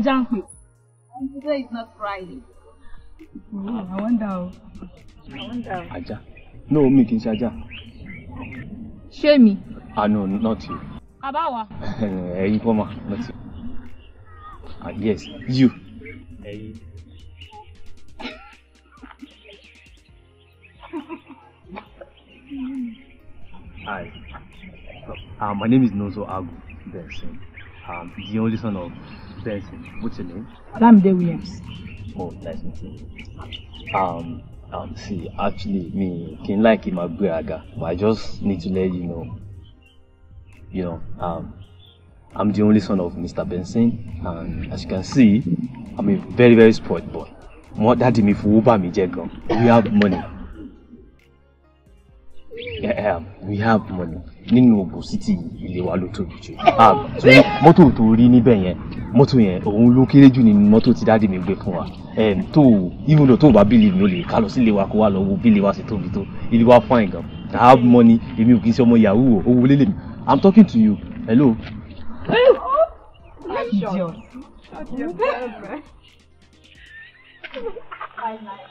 ajá ń pè. is not Friday. Oh, I wonder I wonder o. No, me, kì Aja. Show me. Ah no, not you. Abawa. wa. Ẹyin kọ́ mà, not you. Ah yes, you. Hey. Hi. Uh, my name is Nonso Agu. Yes, um, the only son of What's your name? Alamide Williams. Oh, nice meeting you. Um, um, see, actually, me, can like him, Aga, but I just need to let you know. You know, um, I'm the only son of Mr. Benson, and as you can see, I'm a very, very spoiled boy. More daddy me for Uber me, We have money. Yeah, we have money Ninu Ògùn city ilé wa ló tóbi jù ah, mọ́tò tó rí níbẹ̀ yẹn mọ́tò yẹn òun ló kéré jù ní mọ́tò tí dáàdì mi gbé fún wa eh, tó even though tó bá believe mi ò lè ká lọ sí ilé wa kó wá lọ wo bí ilé wa ṣe tóbi tó ilé wa fún àìgàn i have money èmi ò kì í ṣe ọmọ yahoo o owó lélẹ̀ mi i'm talking to you hello. idiot. I like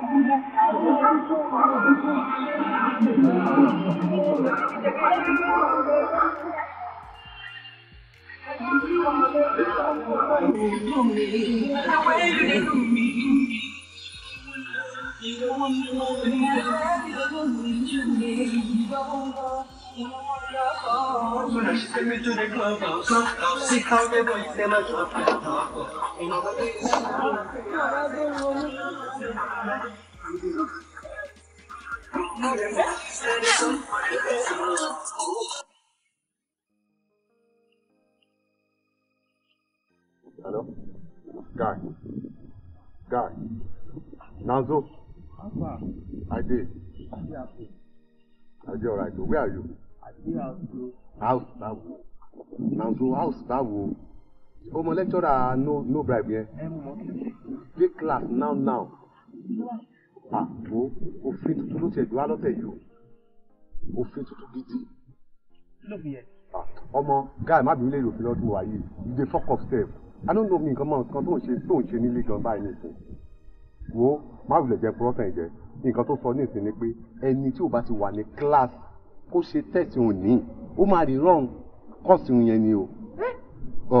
You won't know me, I don't need your name. Hello? Guy. Guy. Nazo. Alpha. I did. I did I did all right. Where are you? house báwo nanzo house báwo o mọ lecturer no no bribe yẹn take class now now ah wo òfin tuntun ló tiẹ̀ jù wá lọ́tẹ̀ yìí o òfin tuntun gidi ọmọ guy má bínú lè rò fún lọ́dún wa yìí you dey fok up step i no know mi nǹkan mọ nǹkan tó ń ṣe tó ń ṣe nílé gan báyìí nìsín wo má wulẹ̀ jẹ́ pọ́rọ́tàn ìjẹ́ nǹkan tó sọ nísìn ni pé ẹni tí o bá ti wà ní class kó ṣe tẹ̀sí òní ó máa rí rọrùn kọ́ọ̀sì yẹn ni o. Eh? ọ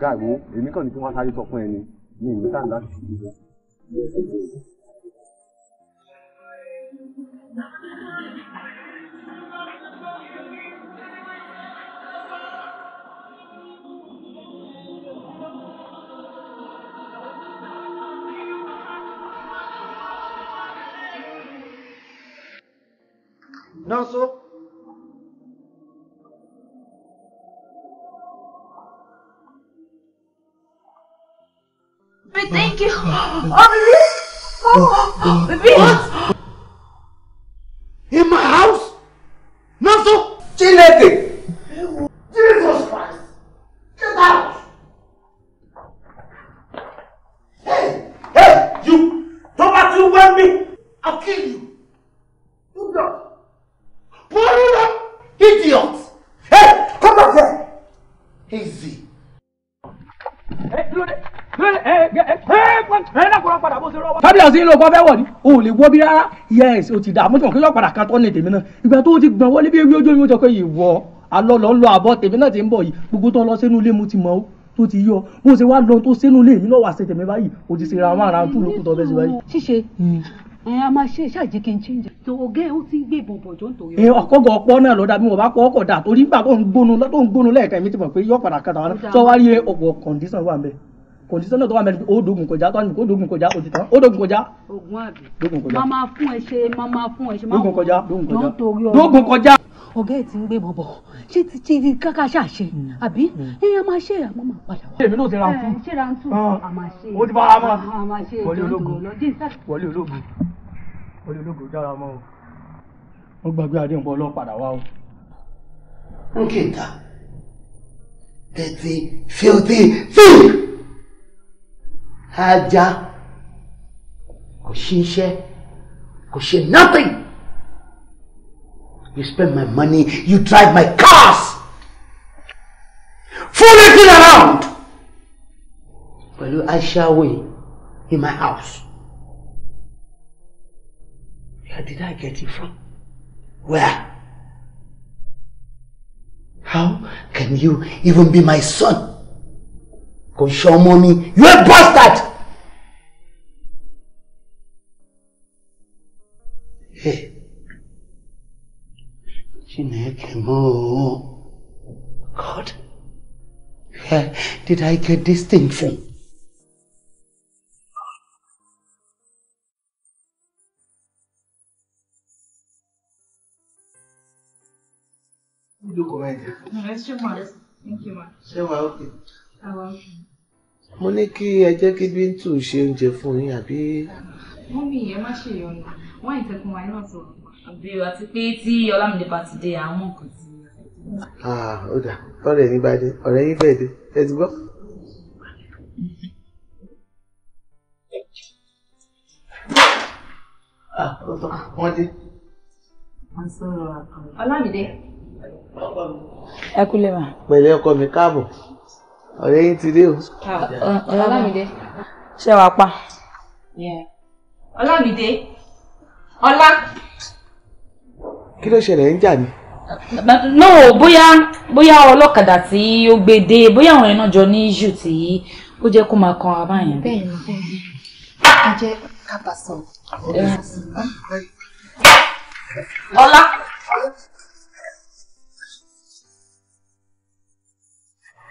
gáà wo èmi kàn ní kí wọ́n sáré sọ fún ẹni ní ìmúta láti ṣe é. ناصر Wait, thank you. Oh, oh, bí ọ̀sìn ló kọ́ fẹ́ wọ̀ ni o ò lè wọ́ bí rárá yes o ti dà mọ́tò kí lọ́ọ̀padà kan tọ́ ní tèmi náà ìgbà tó o ti gbọ̀n wọlé bí ewé ojú omi ó jọ pé ìwọ alọ́ lọ́ lọ àbọ̀ tèmi náà ti ń bọ̀ yìí gbogbo tó lọ sínú ilé mo ti mọ̀ ó tó ti yọ bó ṣe wá lọ tó sínú ilé mi náà wà ṣe tèmi báyìí o ti ṣe ra wọn ara tó lókùn tó fẹ́ ṣe báyìí. ṣíṣe hmm. ẹ a máa ṣe ṣáàjì kí n change tó ọgẹ ó ti ń gbé ìbọn bọjọ ń tòyọ. ẹ ọkọgọ ọpọ náà lọ dàbí mo bá kọ ọkọ dà torí nígbà tó ń gbónú lẹ́ẹ̀kan mi ti mọ̀ pé yọ padà kàtà wọn sọ wá rí ọ̀pọ̀ condition wà ń bẹ kò sí sọ́nà tó wà mẹ́rin ó dogun kọjá tó wà mẹ́rin ó dogun kọjá ó ti tán ó dogun kọjá. ogun àbí dogun kọjá máa fún ẹ ṣe máa fún ẹ ṣe máa dogun kọjá dogun kọjá dogun kọjá. ọ̀gá ẹ̀ ti ń gbé bọ̀bọ̀ ṣé ti ṣe ti káká ṣàṣe hmm. àbí èèyàn hmm. máa ṣe àmọ́ máa padà wá. èmi náà ti ra ń eh, tún ṣe ra ń tún àmà ah. ṣe ó ti fara ah, wọlé ológun wọlé ológun wọlé ológun jára o wọ́n gbàgbé àdéhùn bọ́ ọlọ́pàá wá o. Look at that. That's a filthy thing. Haja, kò ṣiṣẹ́ kò nothing you spend my money you drive my cars fooling around you, pẹ̀lú away in my house where did I get it from where how can you even be my son. kò ṣe ọmọ mi you a bastard. Chineke mo God where did I get this thing from? documento. No, that's your one. Thank you, ma. You're okay. You're ah, welcome mo ní kí ẹ jẹ́ kí bíntù ṣe oúnjẹ fún yín àbí. wọ́n mi ìyẹn má ṣe ìyọnu wọ́n ìtẹ̀kùn wa náà sọ̀rọ̀. àbí àti pé tí ọlámídé bá ti dé àwọn nǹkan ti. Ah, ó dà ọ̀rẹ́ yín bá dé ọ̀rẹ́ yín fẹ́ẹ́ dé ẹ ti gbọ́. Ah, wọ́n dé. ọlámídé. ẹ kú lè wà. pẹ̀lẹ́ ọkọ mi káàbọ̀ ọ̀rẹ́ yín ti dé o. Ah, ah, ah. ọlámídé. ṣé wàá pa. ọlámídé ọlá. kí ló ṣẹlẹ̀ ń jà ni. no bóyá bóyá ọlọ́kadà tí ó gbé dé bóyá àwọn ẹ̀nà jọ ní issue tí ó jẹ́ kó máa kan ara yẹn. bẹ́ẹ̀ ni ẹ jẹ́ ká ọlá.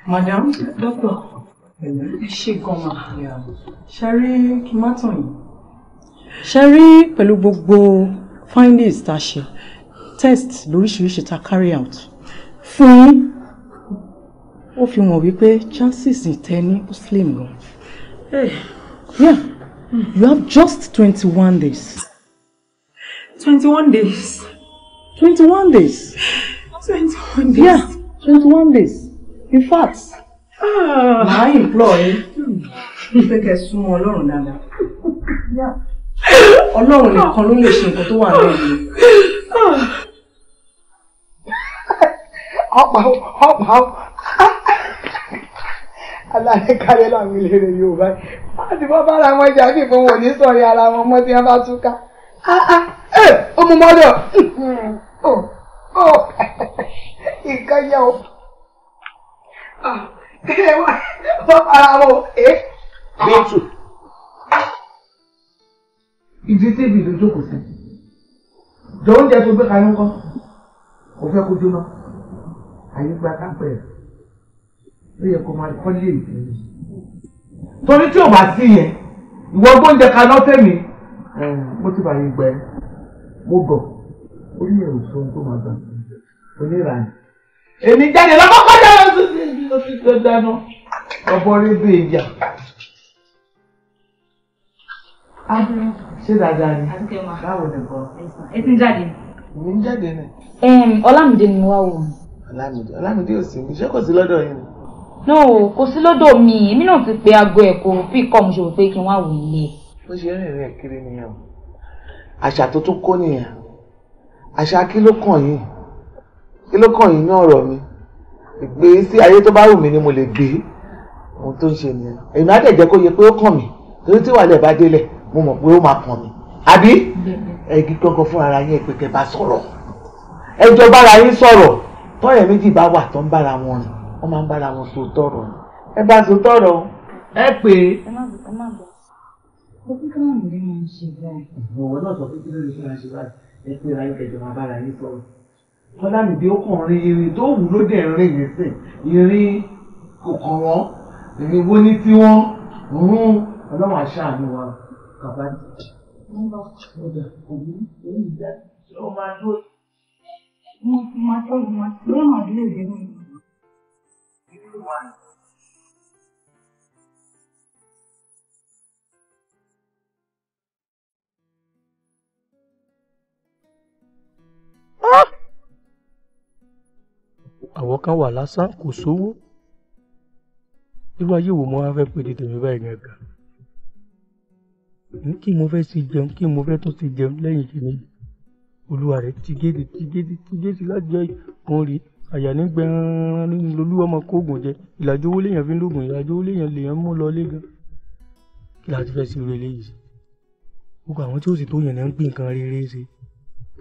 madam doctor ẹ ṣe gan-an ṣẹ́rí kí n má tàn yín. ṣẹ́rí pẹ̀lú gbogbo findings tá a ṣe test lóríṣiríṣi tá carry out fún yín ó fi hàn wípé chances ìtẹ́ni ó slim gan. Eh. yeah you have just twenty-one days. twenty-one days. twenty-one days. twenty-one days. yeah twenty-one days in fact ah. màá implore yín hmm, pé kẹ́ súnmọ́ ọlọ́run dáadáa ọlọ́run nìkan ló lè ṣe nǹkan tó wà náà yìí. Ah. ọ̀pá ọ̀pá aláàrẹ káyé láwọn ilé rẹ yóò báyìí láti bọ́ bá ara wọn jà kí fún wọn ní sọ̀rí ara wọn mọ́ tí wọ́n bá túká. ọmọ mọ́dọ̀ nǹkan yẹ o wọ́n para wọn ẹ́. bíntù. ìdí tèbi ló jókòó sí jọ oúnjẹ tó gbé kalẹ̀ ńkọ́ kò fẹ́ kó jóná àyè gba kápẹ́ ẹ̀ ló yẹ kó máa kọ́ lé ìdílé. torí tí ò bá sí yẹn ìwọ gbóúnjẹ kaná fẹ́mi mo ti bàyè gbẹ mo bọ̀ ó ní èrò sóhun tó máa gbà onírànì. èmi jáde lọ́kọ́ kọjá lọ sí sí tó ti tẹ́ dáná ọ̀bọ rébè ìyà. Adúlọ́ ah. ṣé dáadáa ni? Báwo ni nǹkan? Ẹ ti ń jáde. Èmi ń jáde náà. Ọlámìdé ni mo wá wò. Ọlámìdé Ọlámìdé ò sí mi, ṣé kò sí lọ́dọ̀ yín ni? No, kò sí lọ́dọ̀ mi, èmi náà ti pe aago ẹ̀ kò fi kọ́ mo ṣe wò pé kí n wá wò ilé. Bó ṣe rìn rìn kiri nìyẹn o, àṣà tó tún kó nìyẹn, àṣà kí ló kàn yín? Kí ló kàn yín ní ọ̀rọ̀ mi? ìgbésí ayé tó bá wù mí ni mo lè gbé ohun tó ń ṣe nìyẹn èmi á dẹ̀ jẹ́ kó yẹ pé ó kàn mí torí tí wàhálà ẹ̀ bá délẹ̀ mo mọ̀ pé ó máa kàn mí àbí ẹ̀gí gangan fún ara yín ẹ̀pẹ̀ kẹ́ bá sọ̀rọ̀ ẹjọ́ bára yín sọ̀rọ̀ tọ́rẹ̀ méjì bá wà tó ń bára wọn rìn wọ́n máa ń bára wọn so tọ̀rọ̀ ni ẹ bá so tọ̀rọ̀ ẹ pé. ẹ má bọ̀ ẹ má ń ṣe báyìí. ìwọ náà sọ pé kí ló lè fi ẹ Ọlámìdé ó kàn rin irin tó wù ló dẹ̀ ń rìn yìí sìn irin kò kàn wọ́n irin wo ní tí wọ́n rún ọlọ́wọ́n aṣáájú wa kàbá. Ah! àwọn kan wà lásán kò sówó irú ayé wo mo wá fẹ́ pè ní tèmi báyìí gangan kí mo fẹ́ sí jẹun kí mo fẹ́ tún sí jẹun lẹ́yìn kìíní olúwa rẹ̀ ti géètì ti géètì ti géètì láti jẹ́ ìkan rí àyà ní gbẹ̀rán nínú olúwa máa kó oògùn jẹ ìlàjì owó léèyàn fi ń lóògùn ìlàjì owó léèyàn lèèyàn mú lọ lé gan kí láti fẹ́ sí irú eléyìí gbogbo àwọn tí ó sì tó yàn ní ń pín nǹkan rere ṣe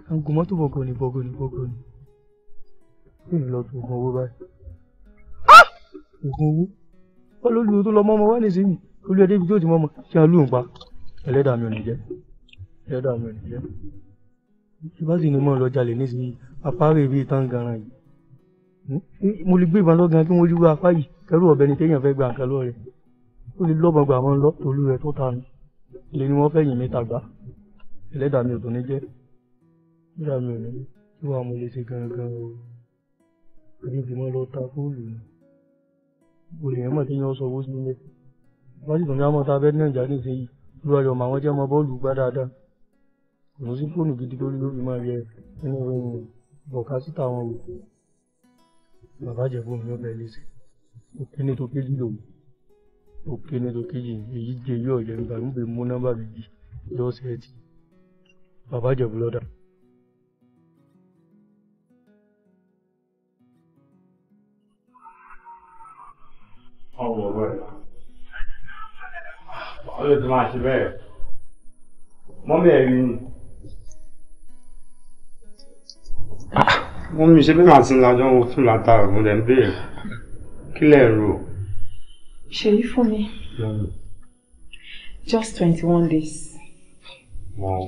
àwọn gòmọ́tò bọ̀gọ̀nì bọ̀gọ̀nì bọ̀gọ̀nì kí n lọ sògùn owó báyìí. sògùn owó wọn lórí tó lọ mọ́mọ́ wá nísìnyí olú ẹdẹ́bi tó ti mọ́mọ́ ṣé a lóun pa ẹlẹ́dàá mi ò ní jẹ́ ẹlẹ́dàá mi ò ní jẹ́ ìbá sì ni mo lọ jalè nísìnyí apárè bíi tangaran yìí hmm? mo lè gbé ìbọn lọ́gàn kí wọ́n rí apá yìí kẹrù ọ̀bẹ ni téèyàn fẹ́ gba nǹkan lọ́wọ́ rẹ̀ ó lè lọ́mọ gbà wọn lọ tòlú rẹ̀ tó ta ni lè ní wọ́n fẹ́ yìn mí tàgbà ẹlẹ́dàá mi ò tó ní jẹ́ ẹlẹ́dàá mi ò ní jẹ́ kí mo lè ṣe gangan o èmi ti mọ lọ ta góòlù ni gbogbo èèyàn mọ̀ téèyàn sọ owó sí ilé wọ́n sì tún ní àmọ́ ta bẹ́ẹ̀ nàìjà nísìnyí lóra yọ̀ mọ́ àwọn jẹ́ ọmọ bọ́ọ̀lù gbá dáadáa kò sí fóònù gidi lórí lórí máa yẹ nínú ìròyìn bọ̀ká síta wọn wò bàbá jẹ̀bú mi ọbẹ̀ lẹ́sẹ̀ òkè ní tó kéjì lò òkè ní tó kéjì èyí jẹ yóò jẹ nígbà nígbà mú nọ́mbà mi yọ ọsẹ bàbá jẹ̀bú lọ́dà. All over. Ọlọ́ ti máa ṣe bẹ́ẹ̀. Mọ́mí ẹ̀rí ni. Wọ́n mi ṣe bí màá ti ń lajọ́ wọn fún látara òun lẹ́ ń béèrè. Kí lẹ̀ ń rò? Ṣèyí fún mi. Just twenty one days. Wọ́n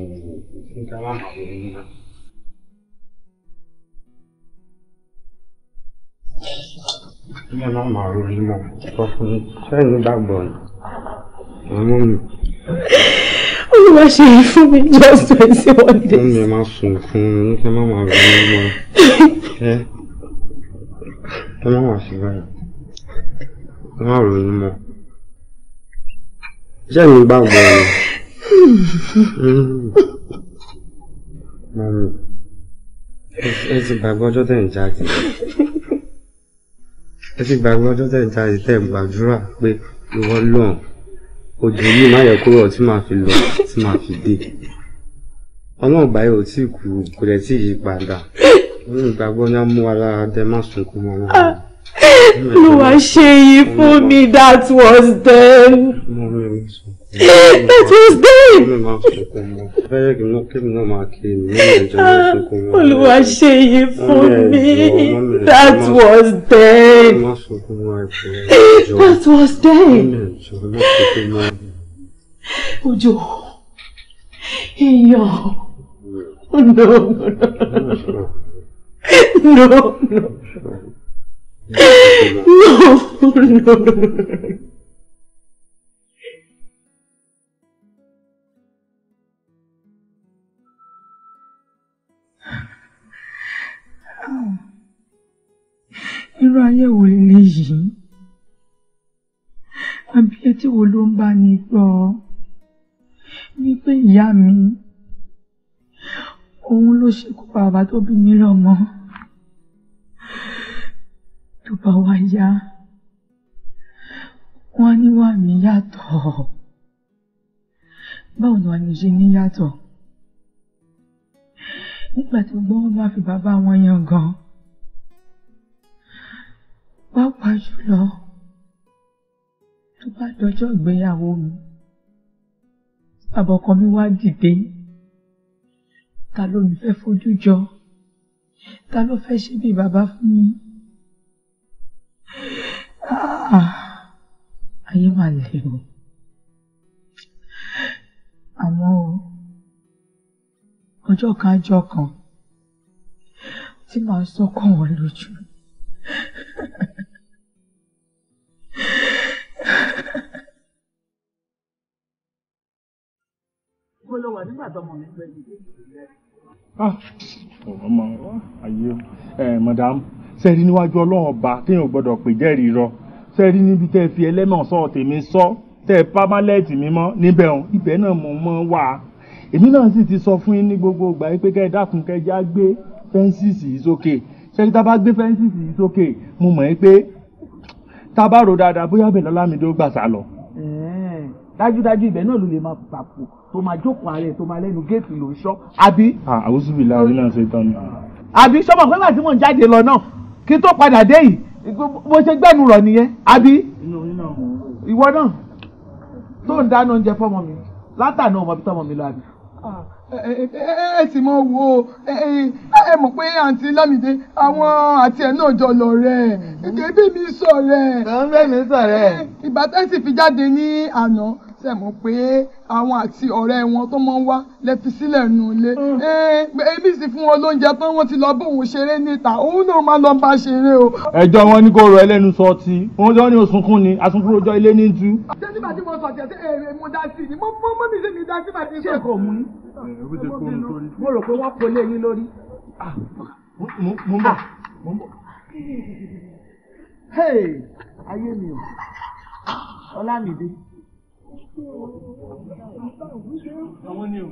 ń ká máa bàbá mi náà ẹ má máa ronú mọ́ ọkùnrin sẹ́yìn gbàgbọ́ ni àmọ́ mi. olùwà ṣe yìí fún mi just twenty one days. wọ́n mi máa sùn fún un ní kí ẹ má máa ronú mọ́ ẹ ẹ má máa ṣe báyìí ẹ má ronú mọ́ sẹ́yìn gbàgbọ́ ẹ ti gbàgbé ọjọ́ ìtẹ̀ gbàdúrà pé ìwọ lọ́n òjò yìí má yẹ kúrò tí màá fi lọ tí màá fi dé ọlọ́run gbà yóò tí kú kò dẹ̀ tí yí padà ọlọ́run gbàgbọ́ ní amúhàlà dẹ́ má sunkún mọ́ wọn. Olúwa ṣe yìí fún mi that was then. that was then. Ah, Olúwa ṣe yìí fún mi that was then. that was then. Òjò èèyàn no no no no no. No, no, no, Irú ayé wo lèyí? Àbí etí wo ló ń bá ní gbọ́? Wípé ìyá mi, òun ló ṣekú pa bàbá tó bí mi lọ́mọ tó bá wá yá wọ́n ní wà mí yàtọ̀ báwo ni wà mí ṣe ní yàtọ̀ nígbà tí gbogbo bá fi bàbá wọn yan gan pàápàá jùlọ tó bá dọjọ́ ìgbéyàwó mi bàbá ọkọ mi wá dìde ta ló ń fẹ́ fojú jọ ta ló fẹ́ ṣe bí bàbá fún mi. Ah, ayé mà lè o àmọ́ o ọjọ́ kan jọ kan tí màá sọ́kàn wọn lójú. olówó nígbà tọmọ sẹ́rí níwájú ọlọ́run ọba téèyàn gbọ́dọ̀ pè jẹ́rìí rọ sẹ́rí níbi tẹ́ ẹ fi ẹlẹ́mọ̀ sọ tèmi sọ tẹ́ ẹ pámálẹ́ẹ̀tì mi mọ́ níbẹ̀ hàn ibẹ̀ náà mo mọ́ wà á èmi náà sì ti sọ fún yín ní gbogbo ìgbà yìí pé kẹ́ ẹ dákun kẹ́ ẹ já gbé fẹ́ǹsìsì yìí sókè sẹ́rí tá a bá gbé fẹ́ǹsìsì yìí sókè mo mọ̀ ẹ́ pé tá a bá rò dáadáa bóyá bẹ̀ lọ́lámídé ó gbà sá lọ. dájúdájú ibẹ̀ náà ló lè máa papò tó máa jókòó ààrẹ tó máa lẹ́nu géètì ló ń ṣọ́ àbí. Ah, àwùsùbìlà orí náà ṣe tán ni. àbí sọ́mọ̀ pé bàtí kí tó padà dé yìí bó ṣe gbẹ́nu rọ̀ nìyẹn àbí ìwọ náà tó ń dáná oúnjẹ fọmọ mi látàná ọmọ bí tọmọ mi lọ àbí. ẹ sì mọ wo ẹ mọ̀ pé àǹtí lámìdé àwọn àti ẹ̀ náà jọ lọ rẹ̀ ẹbí mi sọ rẹ̀. kàn ń bẹ́ mi sọ rẹ̀. ìbátan sì fi jáde ní àná ṣe mọ̀ pé àwọn àti ọ̀rẹ́ wọn tó máa wá lè fi nù lé ebi sì fún wọn lóúnjẹ tán wọ́n ti lọ bóun ṣeré níta òun náà máa lọ bá ṣeré o. ẹjọ́ wọn ní kó rọ ẹlẹ́nu sọ ti wọ́n jọ ní osunkun ni asunkun rojọ́ ilé ní tú. ṣé nígbà tí mo sọ jẹ sí èrè mo dá sí ni mo mọ mọ mi sí mi dá sí màtí. ṣé kò mú ní. mo rò pé wọ́n kò lé yín lórí. Ah, mo ń bọ̀ mo ń bọ̀. ayé mi ò ọlámìdé àwọn ni o.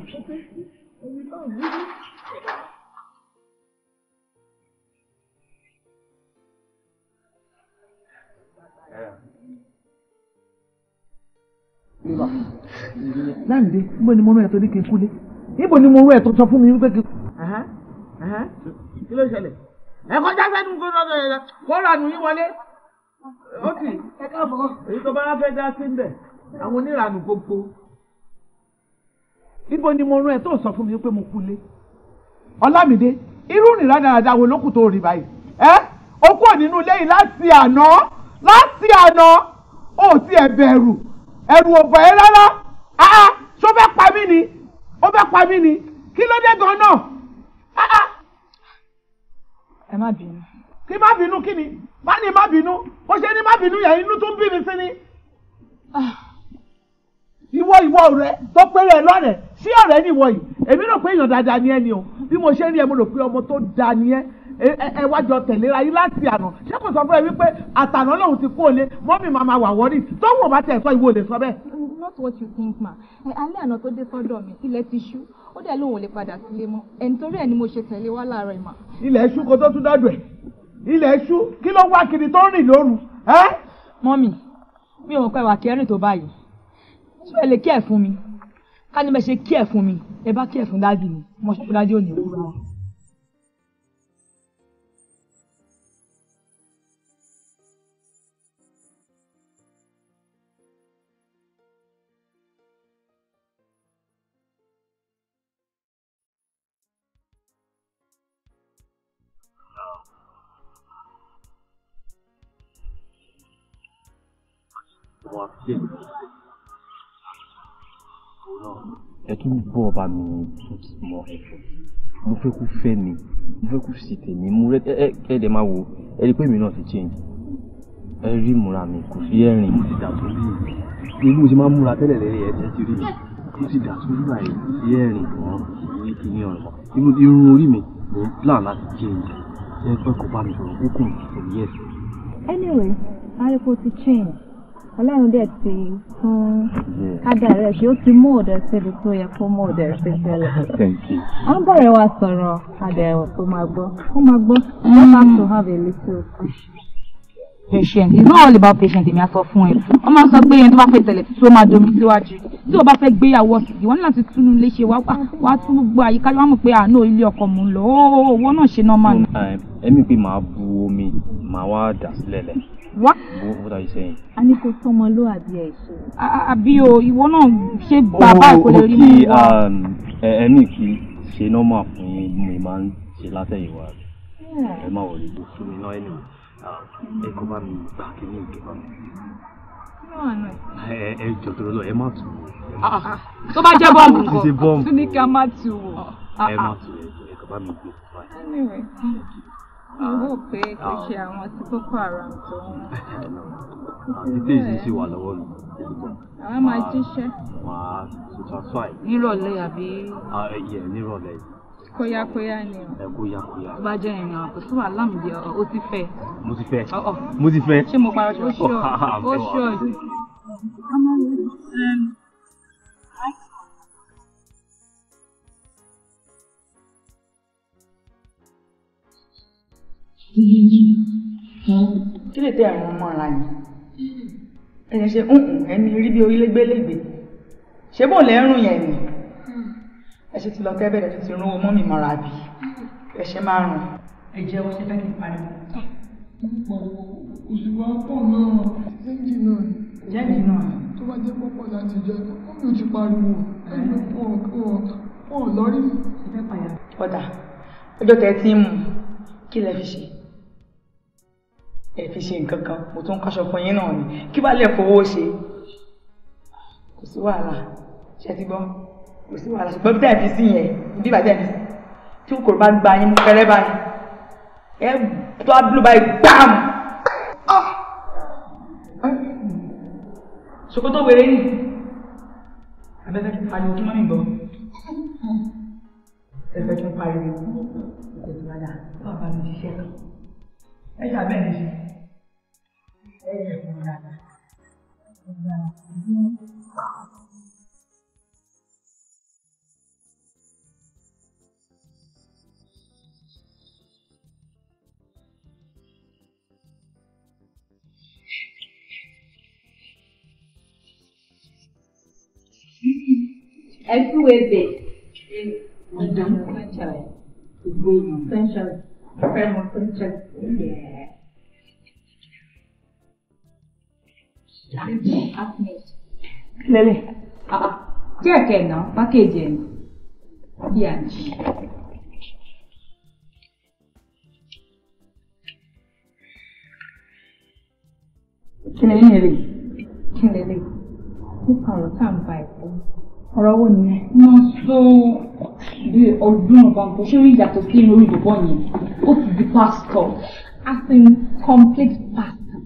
láǹdé níbo ni mo rún ẹ ní kí n kúlé níbo ni mo rún ẹ sọ fún mi wípé kí. kí ló ṣẹlẹ̀ ẹ kọjá sẹ́nu kó lọ́dọ̀ yẹn kó nù yín wọlé ó tì èyí tó bá fẹ́ dá sí ń bẹ̀ àwọn oníranù gbogbo níbo ni mo rán ẹ tó sọ fún mi pé mo kú lé ọlámídé irú rìn rádaràda wo lókùn tó rí báyìí ẹ o kúrò nínú ilé yìí láti àná láti àná o ti ẹ bẹ̀rù ẹ̀rù ò bọ̀ ẹ́ rárá áá ṣó fẹ́ pa mí ni ó fẹ́ pa mí ni kí ló dé gan-an náà. ẹ má bínú. kí má bínú kí ni má ní má bínú bó ṣe ní má bínú yẹn inú tó ń bí sí ni. Ah ìwọ ìwọ rẹ tó péré sí ọ̀rẹ́ ni ìwọ yìí èmi rò pé èèyàn dáadáa ni ẹ ni o bí mo ṣe ń rí ẹ mo rò pé ọmọ tó dáa ni ẹ ẹ wá jọ tẹ̀léra láti àná ṣé kò sọ fún ẹ wípé àtàná lòun ti kó o lé mọ́mì màmá wà wọ́rì tó wò bá tẹ̀ sọ ìwọ lè sọ bẹ́ẹ̀. not what you think ma alẹ́ àná tó dé sọ́dọ̀ mi ilẹ̀ ti ṣú ó dẹ̀ lóun ò lè padà sílé mọ́ ẹni torí ẹ̀ ni mo ṣe tẹ̀lé wá láàárọ̀ ìmọ̀. ilẹ̀ ṣú kó tó tún dọ́dọ̀ ẹ̀ ilẹ̀ ṣú kí ló wá kiri tó ń rìn lóru. mọ́mì mi ò pẹ́ wà kẹrin tó báyìí so ẹ lè kí ẹ fún mi ká ní bẹ ṣe kí ẹ fún mi ẹ bá kí ẹ fún dájú mi mo ṣe pé dájú ò ní kú rárá ẹ tún bọ̀ bá mi put more effort mo fẹ́ kó fẹ́ mi mo fẹ́ kó sì tèmi mo rẹ ẹ ẹ dẹ máa wo ẹ i pé èmi náà ti change ẹ rí ìmúra mi kò fi ẹ rìn. mo ti dà tó rí mo ṣe máa múra tẹ́lẹ̀ lẹ́yìn ẹ̀ tẹ́tí rí mo ti dà tó rí kò fi ẹ rìn gan ní kíní ọ̀rọ̀ inú irun orí mi mo ń plan láti change ẹ pẹ́ kó bá mi sọ̀rọ̀ kókùn kò yẹ. anyway ariwo ti change ọlọ́run dẹ̀ ti fún kádàrẹ́ ṣe ó ti mú òde síbi tó yẹ kó mú òde sí tẹ́lẹ̀. a ń wa sọ̀rọ̀ adẹ̀wò tó máa gbọ́ ó máa gbọ́ wọ́n máa tó have a little patient it's not all about patient èmi á sọ fún ẹ wọ́n máa sọ pé ẹni tó bá fẹ́ tẹ̀lẹ̀ tí máa domi síwájú tí o bá fẹ́ gbéyàwó ọ̀sìnkì wọ́n ní láti túnú ilé ṣe wá tún gbogbo àyíká lọ́wọ́ mọ̀ pé àánú ilé ọkọ mò ń lọ owó náà ṣe normal. ẹ̀mí pé màá bu omi màá wá dà sílẹ̀ lẹ́yìn wá. what are you saying. a ní kó tọmọ ló àbí ẹ ṣe. àbí o ìwọ náà ṣe bàbá ìkọlẹ rí mi wá. Um, ẹni kì í ṣe normal fún mi máa ń ṣe látẹ̀yìnwá rẹ̀ ẹ má wọlé bó fún mi náà ẹni um, ẹ kó bá mi gbà kí ní ìgbé bá mi. ẹ ẹ jọ tó lọ ẹ má tù ú. Ah, ah, ah. tó bá jẹ́ bọ́ọ̀mù nǹkan tó ní kí a má tù ú. ẹ má tù ú ẹ kó bá mi gbé n hò ah. pé kò ṣe ah. àwọn tí boko haram tó ń. títí ah, èsì sì wà lọ́wọ́ mi. àwọn máa jíṣẹ́. máa ṣe transfer yìí. nírọ̀lẹ́ àbí. yẹ nírọ̀lẹ́ yìí. kóyákóyá ni o. ẹ kóyákóyá. tó bá jẹ́ ìrìn àpò tó wà lámìdí o ti fẹ́. mo ti fẹ́. mo ti fẹ́. ṣé mo parọ́ ṣe ó ṣọ́ ó ṣọ́. kí lè tẹ àwọn ọmọ ara yìí ẹ̀yẹ ṣe ǹǹ ẹni rí bí orílẹ̀gbẹ̀lẹ̀gbẹ̀ ṣé bò lẹ́rùn yẹn ni ẹ ṣe ti lọ tẹ́ bẹ̀rẹ̀ tó ti rún owó mi mọ́ra bí ẹ ṣe máa rùn. ẹ jẹ́ wọ́n ṣe fẹ́ kí n pariwo. pọ̀ òṣùwà pọ̀ náà jẹ́ǹjì náà jẹ́ǹjì náà tó bá jẹ́ pọ́pọ́ láti jẹ́ ó mi ò ti pariwo ẹni pọ̀ pọ̀ lọ́rí. ọ̀dà ọjọ́ tẹ́ ti ń mu kí lẹ fi ṣe ẹ fi ṣe nǹkan kan mo tún káṣọ fún yín náà ni kí wàá lè fowó ṣe kò sí wàhálà ṣe ti gbọ́ kò sí wàhálà ṣùgbọ́n bí táyà fi sí yẹn bí bàtà fi sí tí kò bá gba yín mú kẹrẹ báyìí ẹ tó abúlé báyìí gbàm. Ah! ṣòkòtò wèrè ni abẹ́fẹ́ kí n pariwo kí mọ́mí gbọ́ abẹ́fẹ́ kí n pariwo kò sí wàhálà báwa bá mi ṣiṣẹ́ kan ẹ ṣe àbẹ́ ẹ̀ ṣe. ẹ yẹ kó dáadáa. Everywhere there. Madam, essentially. Fai un Prinzessinie. Lele. Ah, chi è che no? Ma che gente? Bianchi. Kí ni yín lè? Kí ni lè? Nípa ọ̀rọ̀ tá à ń bá ẹ̀kọ́. Ọ̀rọ̀ wo nìyẹn? Mo sọ bí ọdún nǹkan kò ṣe rí ìyàtọ̀ sí inú orí ìbọ̀bọ̀ yẹn ó ti di pastor as in complete pastor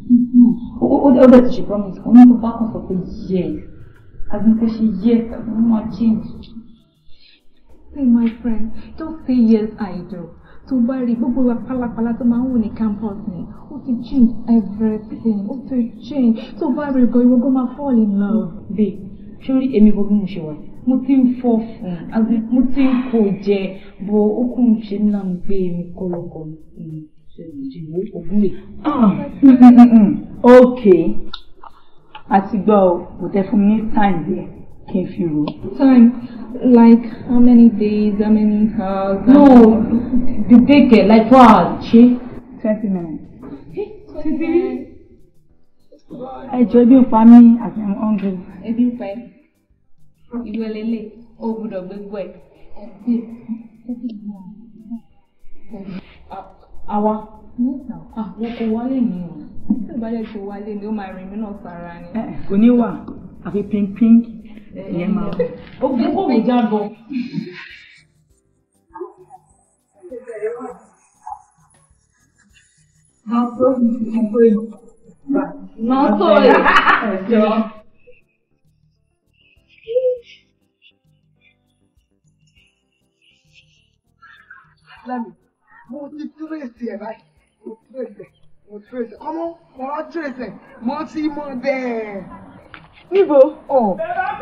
ó dẹ̀ ti ṣe promise òun ní tó bá kàn sọ pé yes as in kò ṣe yes àbúrò máa change. Hey my friend, don't say yes I do. Tó bá rí gbogbo wa pálapàla tó máa ń wù ní campus ni, ó ti change everything, ó ti change. Tó bá rí gan-an, ìwọ gan máa fall in love. Babe, ṣé orí èmi gbogbo mo ṣe wà? mo ti ń fọ fún àti mo ti ń kó jẹ bọ ó kún un ṣe mi kọlọkọ ìṣèlú ògùn lè. ok àti gbọ́ ọ kò tẹ́ fún mi time díẹ̀ kí n fi rò. time like how many days how many hours. no the day get like four hours ṣe. twenty minutes. Eh, twenty minutes. ẹ jọ ebi ń pa mí àti i'm hungry. ebi ń pa ẹ́ ìlú ẹlẹ́lẹ̀ ó gbúdọ̀ gbégbó ẹ̀. àwa àwọn kò wálé ni o tí ìbálẹ̀ ti wálé ni ó máa rìn mí náà sára ni. kò ní wà àfi pínpín ìyẹn máa wọ. ó gbé kóòwò jábọ̀. Not so, not so. lẹ́mi mo ti túrèsì ẹ̀ báyìí mo túrèsì ẹ̀ mo túrèsì ẹ̀ ọmọ mo wá túrèsì ẹ̀ mo ti mọ bẹ́ẹ̀. níbo ọ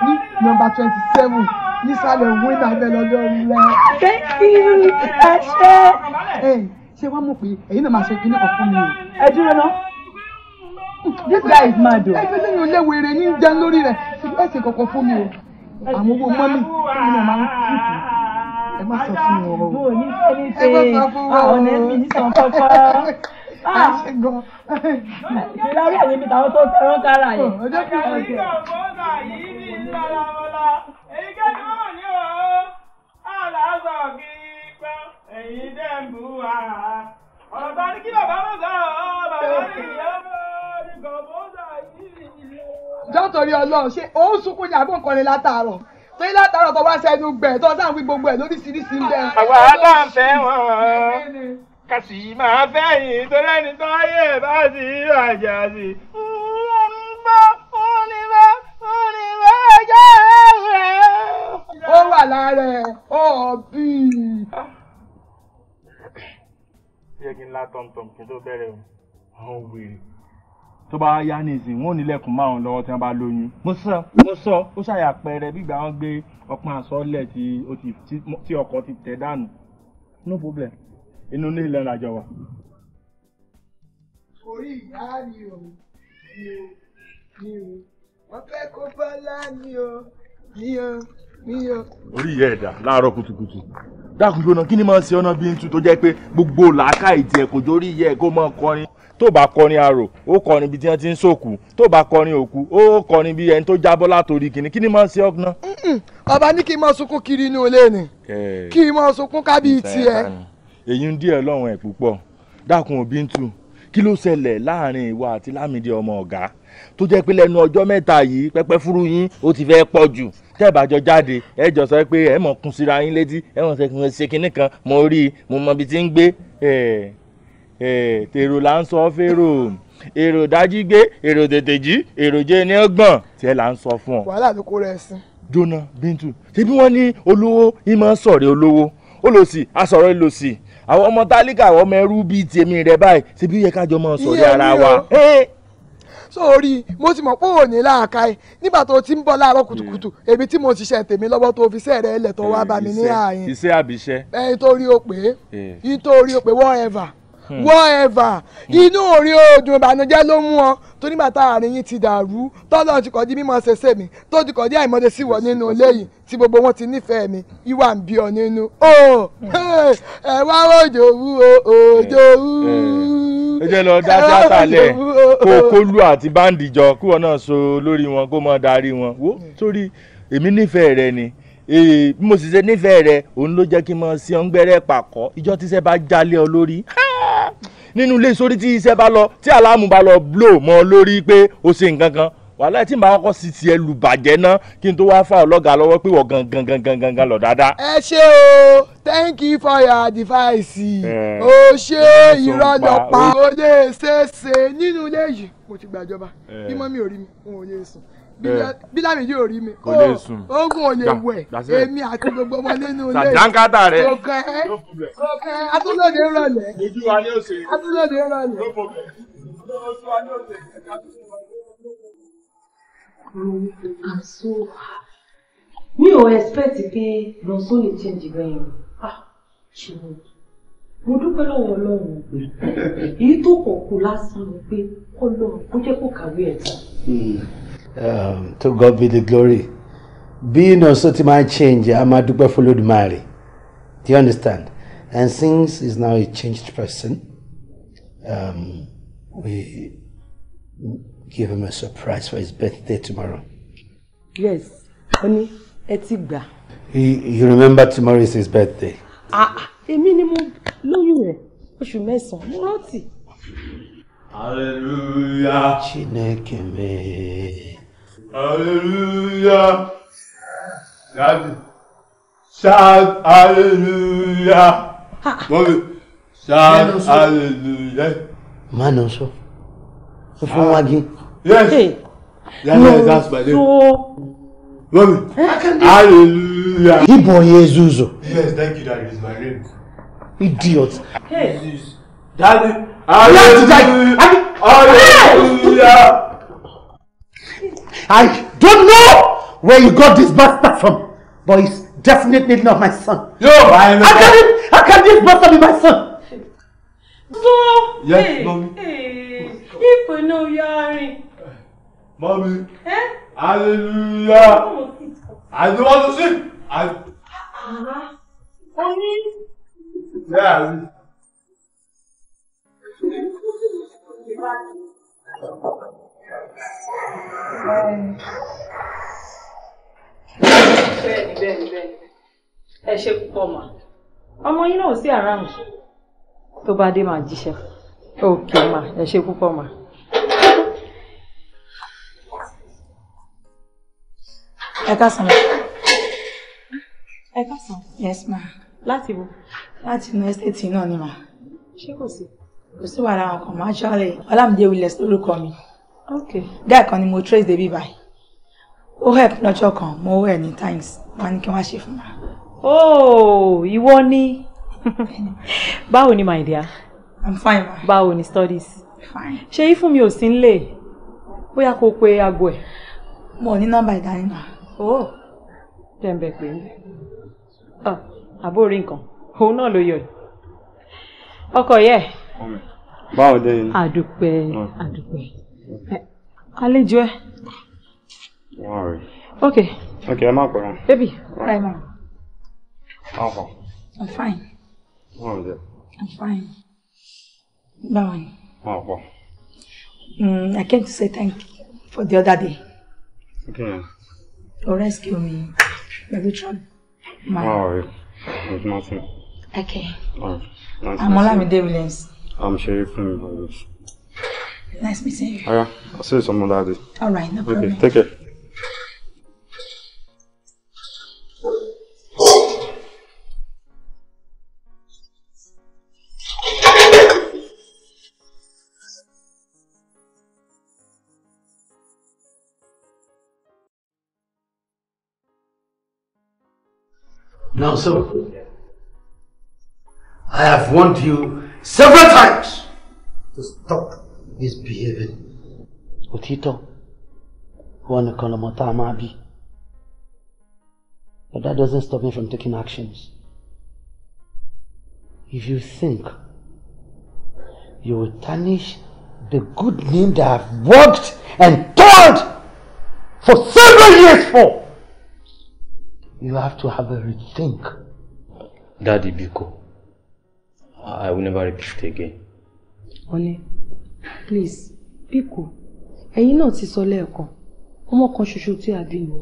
ní nọ́mbà twenty seven nísàlẹ̀ wíńdà bẹ́ẹ̀ lọ́dọ̀ rẹ. thank you àṣẹ. ẹ ṣé wàá mọ̀ pé èyí náà máa ṣe kinní kan mi o. ẹ dúró náà this guy is mad o. ẹgbẹ́ lẹ́yìn olè wèrè ní jẹun lórí rẹ̀ ẹ̀sìn kọ̀ọ̀kan fún mi o àwọn owó mọ́mì ẹ̀yìn náà máa ń kú ẹ má ah, ah. um sọ fún wọn o mo ní ẹni pé sunkún ní àbọ̀ǹkọ́ni látàárọ̀ pé látara tó wá sẹ́nu gbẹ̀ tó sáà ń wí gbogbo ẹ̀ lóríṣiríṣi ń bẹ. àwa aláǹfẹ́ wọn kàṣì máa fẹ́ yìí tó lẹ́ni tó yẹ bá sí àjà sí. ó wà lára ẹ̀ ọ̀bì. jẹ́ kí n lá tọ̀mtọ̀m kí n tó bẹ̀rẹ̀ o àwọn wèrè tó bá yá ní ìsìn wọn ò nílẹ̀kùn márùn lọ́wọ́ tí wọ́n bá lóyún. mo sọ mo sọ ó ṣàyàpẹrẹ bígbà wọn gbé ọpọ́n àsọlẹ̀ tí ọkọ ti tẹ̀ dànù no problem inú ní ilẹ̀ làjọ wà. orí ìyá ni o ni o ni o wọ́n fẹ́ kó bọ́lá ni o ni o orí ìyá ẹ̀dá láàárọ̀ kùtùkùtù dákun gbóná kí ni máa ń ṣe ọ̀nà bíi ntú tó jẹ́ pé gbogbo làákàyè tiẹ̀ kò jórí ìyá ẹ̀ kó máa kọrin tó bá kọrin arò ó kọrin ibi tí wọ́n ti ń sòkù tó bá kọrin òkú ó kọrin bí ẹni tó jábọ́ látòrí kìnní kí ni máa ń ṣe ọ̀gbọ́n. bàbá ní kí n máa sunkún kiri inú ilé ni eh. kí n máa sunkún kábíyì tiẹ̀. èyí ń díẹ̀ lọ́rùn ẹ̀ púpọ̀ dákun òbí ń tù kí ló ṣẹlẹ̀ láàrin ìwà àti lámìdí ọmọ ọ̀gá tó jẹ́ pé lẹ́nu ọjọ́ mẹ́ta yìí pẹ́pẹ́ fúru yín ó ti fẹ́ pọ̀ jù tẹ́ ẹ̀ bá jọ jáde ẹ jọ sọ pé ẹ mọ̀ kun síra yín létí ẹ mọ̀ ṣe kinní kan mo rí i mo mọ ibi tí ń gbé èrò là ń sọ fèrò èrò dájí gbé èrò tètè jí èrò jẹ ní ọgbọ̀n tiẹ̀ là ń sọ fún ọ. wàhálà ló kó rẹ sí. jóná bíntu ṣebí wọ́n ní olówó ìmọ̀ sọ̀rọ̀ olówó olòṣì àsọ̀rọ̀ olòṣì àwọn ọmọ tálíkà àwọn ọmọ ẹrú bíi tèmi rẹ báyìí ṣebí yẹ ká jọ mọ sọ̀rọ̀ ara wa sórí mo ti mọ̀ pé ò ní láàka ẹ nígbà tó ti ń bọ̀ láàárọ̀ kùtùkùtù hmm. èmi tí mo ti ṣe tèmi lọ́wọ́ tó fi ṣẹ́ rẹ lẹ̀ tó wá eh, bá mi ní ààyè. iṣẹ́ àbíṣẹ́. ẹ eh, nítorí o pé eh. nítorí o pé whatever hmm. whatever hmm. inú orí oògùn ìbànújẹ́ ló mú ọ tó nígbà tá àárín yín ti dàrú tọ́lọ́ ti kọ́ di mímọ́ ṣẹṣẹ́ mi tó ti kọ́ di àìmọ́dé sí wọ nínú ilé yìí tí gbogbo wọn ti nífẹ̀ẹ́ mi ìwà ń bí ọ nínú. Oh, ẹ wá òjò wú òjò wú ó jẹ́ lọ dá tíátà lẹ̀ kó kólú àti báńdì jọ kí wọn náà so lórí wọn kó mọ darí wọn wò sórí èmi nífẹ̀ẹ́ rẹ ni bí mo sì ṣe nífẹ̀ẹ́ rẹ òun ló jẹ́ kí n mọ sí ọ̀ngbẹ́rẹ́ pàkọ́ ìjọ tí bá jálé ọ lórí nínú ilé sórí tí iṣẹ́ bá lọ tí àlámù bá lọ blow mọ́ lórí pé ó ṣe nǹkan kan wàhálà tí màá kọ́kọ́ sì tiẹ̀ lù bàjẹ́ ná kí n tó wá fà ọlọ́gàá lọ́wọ́ pé wọ́n gan gan gan gan gan gan lọ dáadáa. ẹ ṣé o thank you for your advice o ṣé ìrọ̀lọ́pà o lè ṣe é ṣe nínú ilé yìí mo ti gbàjọba bí mọ́mí ò rí mi n ò lè sùn bílámi yóò rí mi kò lè sùn oògùn ò lè wẹ̀ èmi àti gbogbo ọmọ nínú ilé ṣàjánkátà rẹ kòkè kòkè atúlóde rọlẹ̀ atúlóde rọlẹ̀. I'm so happy. Mi ò expect pé Lọ́sọ́ lè change bẹ́yẹn. Ah, ṣùgbọ́n mo dúpẹ́ lọ́wọ́ Ọlọ́run pé èyí tó kọ̀ kú lásán ni pé kó lọ́run kó jẹ́ kó kàwé ẹ̀ tán. Hmm. Um, to God be the glory. Bí Nọ̀sọ́ ti máa change, a máa dúpẹ́ fún Olódùmarè. Do you understand? And since he's now a changed person, um, we give him a surprise for his birthday tomorrow. Yes, honey, ẹ ti You remember tomorrow is his birthday. Ah, a ah, minimum, mo you eh? oṣù should án mo rántí. Hallelujah. Chineke mee. Hallelujah. Daddy, shout hallelujah. Ah, ah. Mommy, shout hallelujah. Mánà sọ funfun ah. wagi. yes yeah, no, yes that's my name. So... Mommy, hallelujah. Ibo Yezuzo. Yes, thank you, that is my name. Idiot. Hey. Daddy, hallelujah. Hallelujah. I don't know where you got this bastard from, but it's definitely not my son. Yo, I know. How can, it, how can this bastard be my son? So, yes, hey, mommy. Hey. People know you are in. Mommy. Eh? Hallelujah. I don't want to sleep. I. Uh-huh. Mommy. Yeah. Bẹ́ẹ̀ni bẹ́ẹ̀ni bẹ́ẹ̀ni ẹ ṣe púpọ̀ mà ọmọ yín náà sí àrámù tó bá dé máa jíṣẹ́ ok ma ẹ ṣe púpọ̀ ma. ẹ káàsán ma. ẹ káàsán. yes ma. láti wo. láti inú ẹ́stéètì náà ni ma. ṣé kò sí. kò sí wàhálà àwọn kan máa ṣáàlẹ ọlámìdé willis lórúkọ mi. ok. gáà kan ni mo trace débi báyìí ó help lọ́jọ́ kan mo wẹ̀ ní times wọ́n ní kí wọ́n ṣe fún wa. ooo oh, ìwọ ni báwo ni my dear. I'm fine báwo studies. fine. ṣé ifun mi ò sí bóyá pe aago ẹ. mo ní nọ́mbà oh tẹ̀m̀bẹ̀ pé ọ ah, àbó rí nǹkan òun náà ló yọ ọkọ yẹ. báwo dé yín. àdùpẹ́ àdùpẹ́ àlejò ẹ. wọ́n rí. ok. ok ẹ baby. i'm fine. i'm fine. No. ni? Wọ́n àpọ̀. Mm, I came to say thank you for the other day. Okay. You rescue me. Baby Trump. My... Oh, it's nothing. Okay. Alright. Nice I'm Olamide Williams. I'm Sherry Fleming Williams. Nice meeting you. Yeah. I'll see you some other day. Alright, no problem. Okay, take care. Now, sir, I have warned you several times to stop his behavior wọ́n ní kan lọmọ tá a máa But that doesn't stop me from taking actions. If you think you will tarnish the good name that I've worked and toiled for several years for, You have to have a rethink. Daddy Biko, I will never repeat it again. Honey, please, Biko, ẹ̀yin náà ti sọ lẹ́ẹ̀kan, ọmọ kan ṣoṣo tí a bí ni,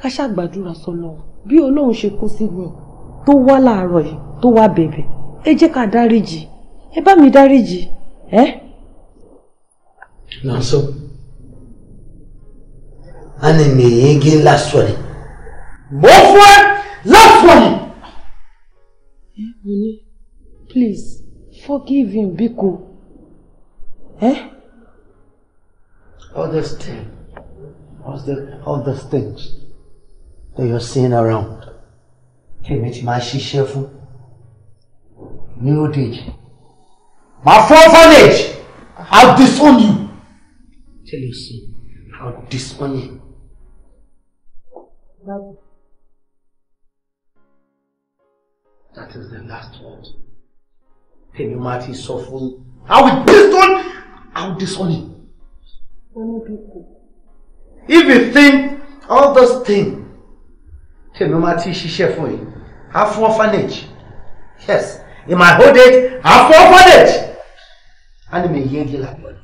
ká ṣàgbàdúrà sọ́lọ́ bí Ọlọ́run ṣe kó sígbọ̀n tó wá láàárọ̀ yìí tó wá bẹ̀bẹ̀, ẹ jẹ́ ká dáríjì, ẹ mi dáríjì, eh? Nà sọ, a nì mèyí gé lásọ̀ mo fún ẹ láfọyì. mo please forgive him biko. Eh? All this things, all the all the things that you're seeing around. Kèmí ti my ṣiṣẹ́ fún new old age. My forefathers, I'll disown you. Tell you see, I'll disown you. That's That is the last word. Tèmi máa I will disown I will disown him. If you think all those things tèmi máa ti ṣiṣẹ́ fún yìí, I have orphanage. Yes, in my whole age, half have orphanage. And mi yege lápẹ̀lú.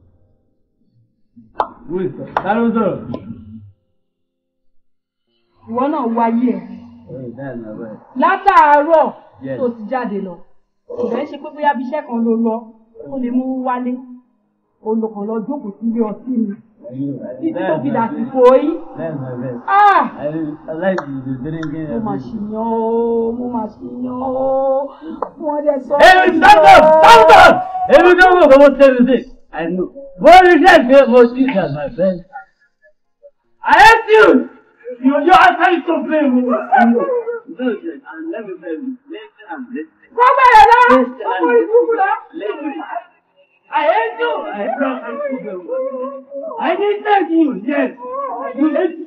ta ló ń sọ̀rọ̀. ìwọ náà wáyé ẹ látàárọ̀ tó ti jáde lọ kò fẹ́ ṣe pé bóyá bí iṣẹ́ kan ló lọ ó lè mú wálé olùkọ́ lọ jókòó sílé ọtí ni títí tó fi dàsìkò yìí. aláìsí ìdè déréngé yẹn. mo máa ṣìyàn o mo máa ṣìyàn o wọ́n dẹ̀ sọ. èmi sábà sábà èmi náà wò ó fọwọ́ tẹ́lẹ̀ sí i know. What is that great mosquito, my friend? I asked you! You, you are trying to play with me. And let me tell you, listen and listen. Come here, now! Listen and listen. Listen. I hate you! I hate you! I detect you, yes! You hate me!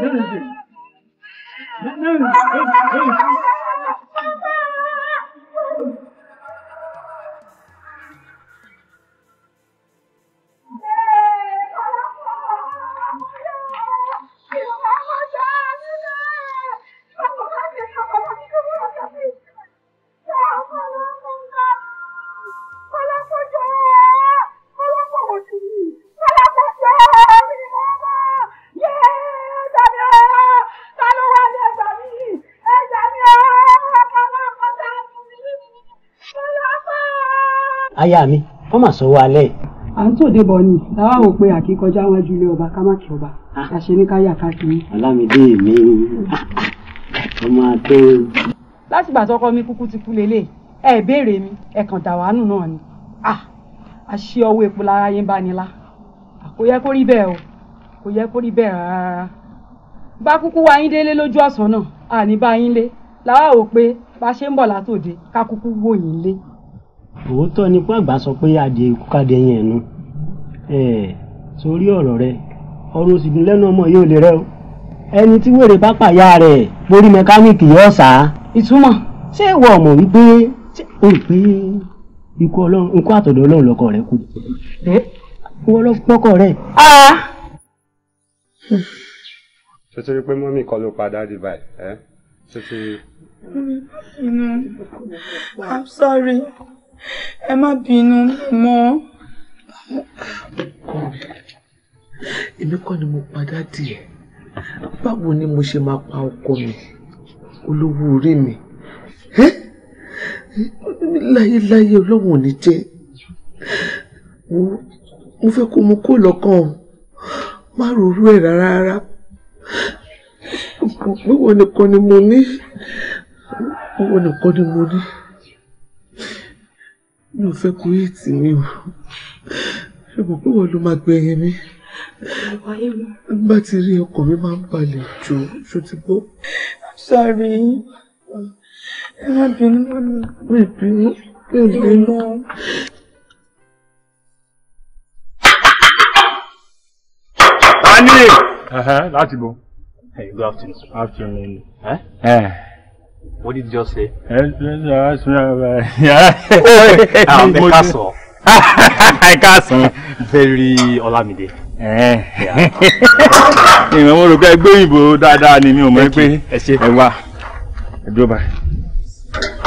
Listen. Listen. Listen. aya mi wọ́n mà sọ wọ́ alẹ́ yìí. à ń tòde bọ̀ ni làwa wò pé àkíkọjá wọn ju ilé ọba kámákì ọba àṣẹ ah. ní káyà káàkiri. ọlámídé mi ọmọ adé. látìgbà tọkọ mi kúkú ti kú lélẹ̀ ẹ béèrè mi ẹ kàn dàwánù náà ni àṣì ah, ọwọ́ epo lára yín bá nílá ah, kò yẹ kó rí bẹ́ẹ̀ o kò yẹ kó rí bẹ́ẹ̀ rárá bá kúkú wá yín délé lójú ọ̀sán náà àní bá yín lé làwa wò pé bá ṣe ń bọ̀ látòde ká kúkú wò yín lé. òótọ́ ni pàgbà sọ pé adìẹ ikú kádìẹ yẹn nu sórí ọ̀rọ̀ rẹ ọrùn sì lẹ́nu ọmọ yóò lè rẹ o ẹni tí wèrè bá pàyà borí mẹkáníìkì yóò sá ìtumọ̀ ṣé ìwọ ọmọ wípé o pé ikú ọlọ́run ikú àtọ̀dọ̀ ọlọ́run lọkọ rẹ kú ìwọ lọkọ rẹ. tuntun pé mọ́mí kọ́ ló padà dì báyìí I'm sorry. ẹ má bínú mọ́. èmi kọ́ ni mo padà díẹ̀ báwo ni mo ṣe máa pa ọkọ mi olówó orí mi láyéláyé ọlọ́run ò ní jẹ́ wo mo fẹ́ kó mu kó lọ́kàn o má rorú ẹ̀ rárá rárá gbogbo nìkan ni mo ní gbogbo nìkan ni mo ní mi ò fẹ́ kó yìí tì mí o ṣe mọ̀ pé wọ́n ló máa gbẹ̀yìn mi bá ti rí ọkàn mi máa ń balẹ̀ jù ṣó ti gbọ́. sọ́ọ̀rì ẹ má bínú mọ́mi. mi bínú mi bínú. Daniel. láti bọ̀. Hey, good afternoon. Afternoon. Eh? Eh. What did you just say? Eh, eh, eh, oh, I'm The castle. I castle. Very Olamide. Ìmọ̀ mo rò pé ẹgbẹ́ òyìnbó dáadáa ni mi ò mọ̀ pé ẹ wá ẹdúró báyìí.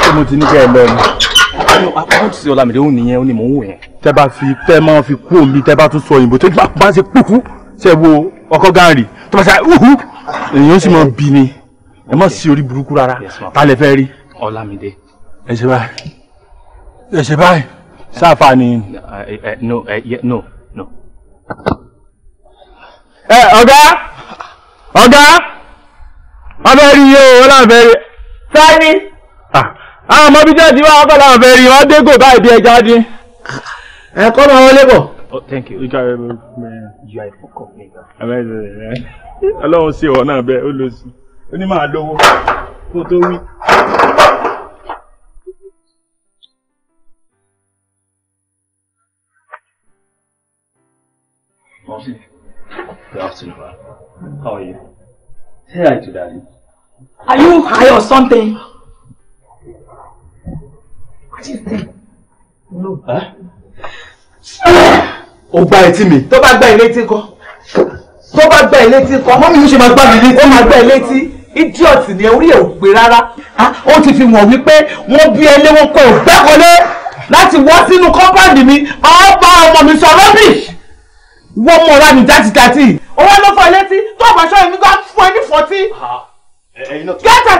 Ṣé mo ti ní kẹ́ ẹ lọ ni? Àwọn ti ṣe Olamide òun nìyẹn, ó ní mò ń wò yẹn. Tẹ́ bá fi tẹ́ máa fi kú omi tẹ́ bá tún sọ òyìnbó tó bá ṣe kúkú ṣe wo ọkọ̀ gáàrì tó bá ṣe àìhùhù èèyàn sì máa bí ni ẹ má sí orí burúkú rárá ta lè fẹ́ rí. ọlámídé. ẹ ṣe báyìí ẹ ṣe báyìí sáfà ni. no no no. ẹ ọ̀gá ọ̀gá ọbẹ̀ rí yé o ọlọ́ọ̀bẹ̀ rí. sáré. àwọn ọmọ bíi jẹ́ ti wá ọkọ̀ làwọn fẹ́ rí wọ́n dé báyìí bí ẹja dín. ẹ kọ́ máa wọlé bọ̀. Oh, thank you. You are a fuck up nigga. Ọlọ́run ṣe ìwọ náà bẹ́ẹ̀ ó lọ sí ó máa lówó kó tó wí. good afternoon, How are you? Say hi to daddy. Are you high or something? What do you think? No. Huh? Ó gbá etí mi. Tó bá gbá ilé tí kọ́. Tó bá gbá ilé tí kọ́. Mọ́mí mi ṣe máa gbá mi létí. Ó máa gbá ilé tí idiot ni ẹ orí ẹ ò pé rárá ó ti fi wọ̀n wípé wọ́n bí ẹlẹ́wọ̀n pé ò gbẹ́kọ̀lé láti wọ́ sínú kọ́ńpáàdì mi ọba ọmọ mi sọ rubbish wọ́n mú ọ̀rá mi játijáti. owó ló fọ létí tó o bá ṣọ́ èmi gan fún ẹ ní fọ́tí. gẹ́tà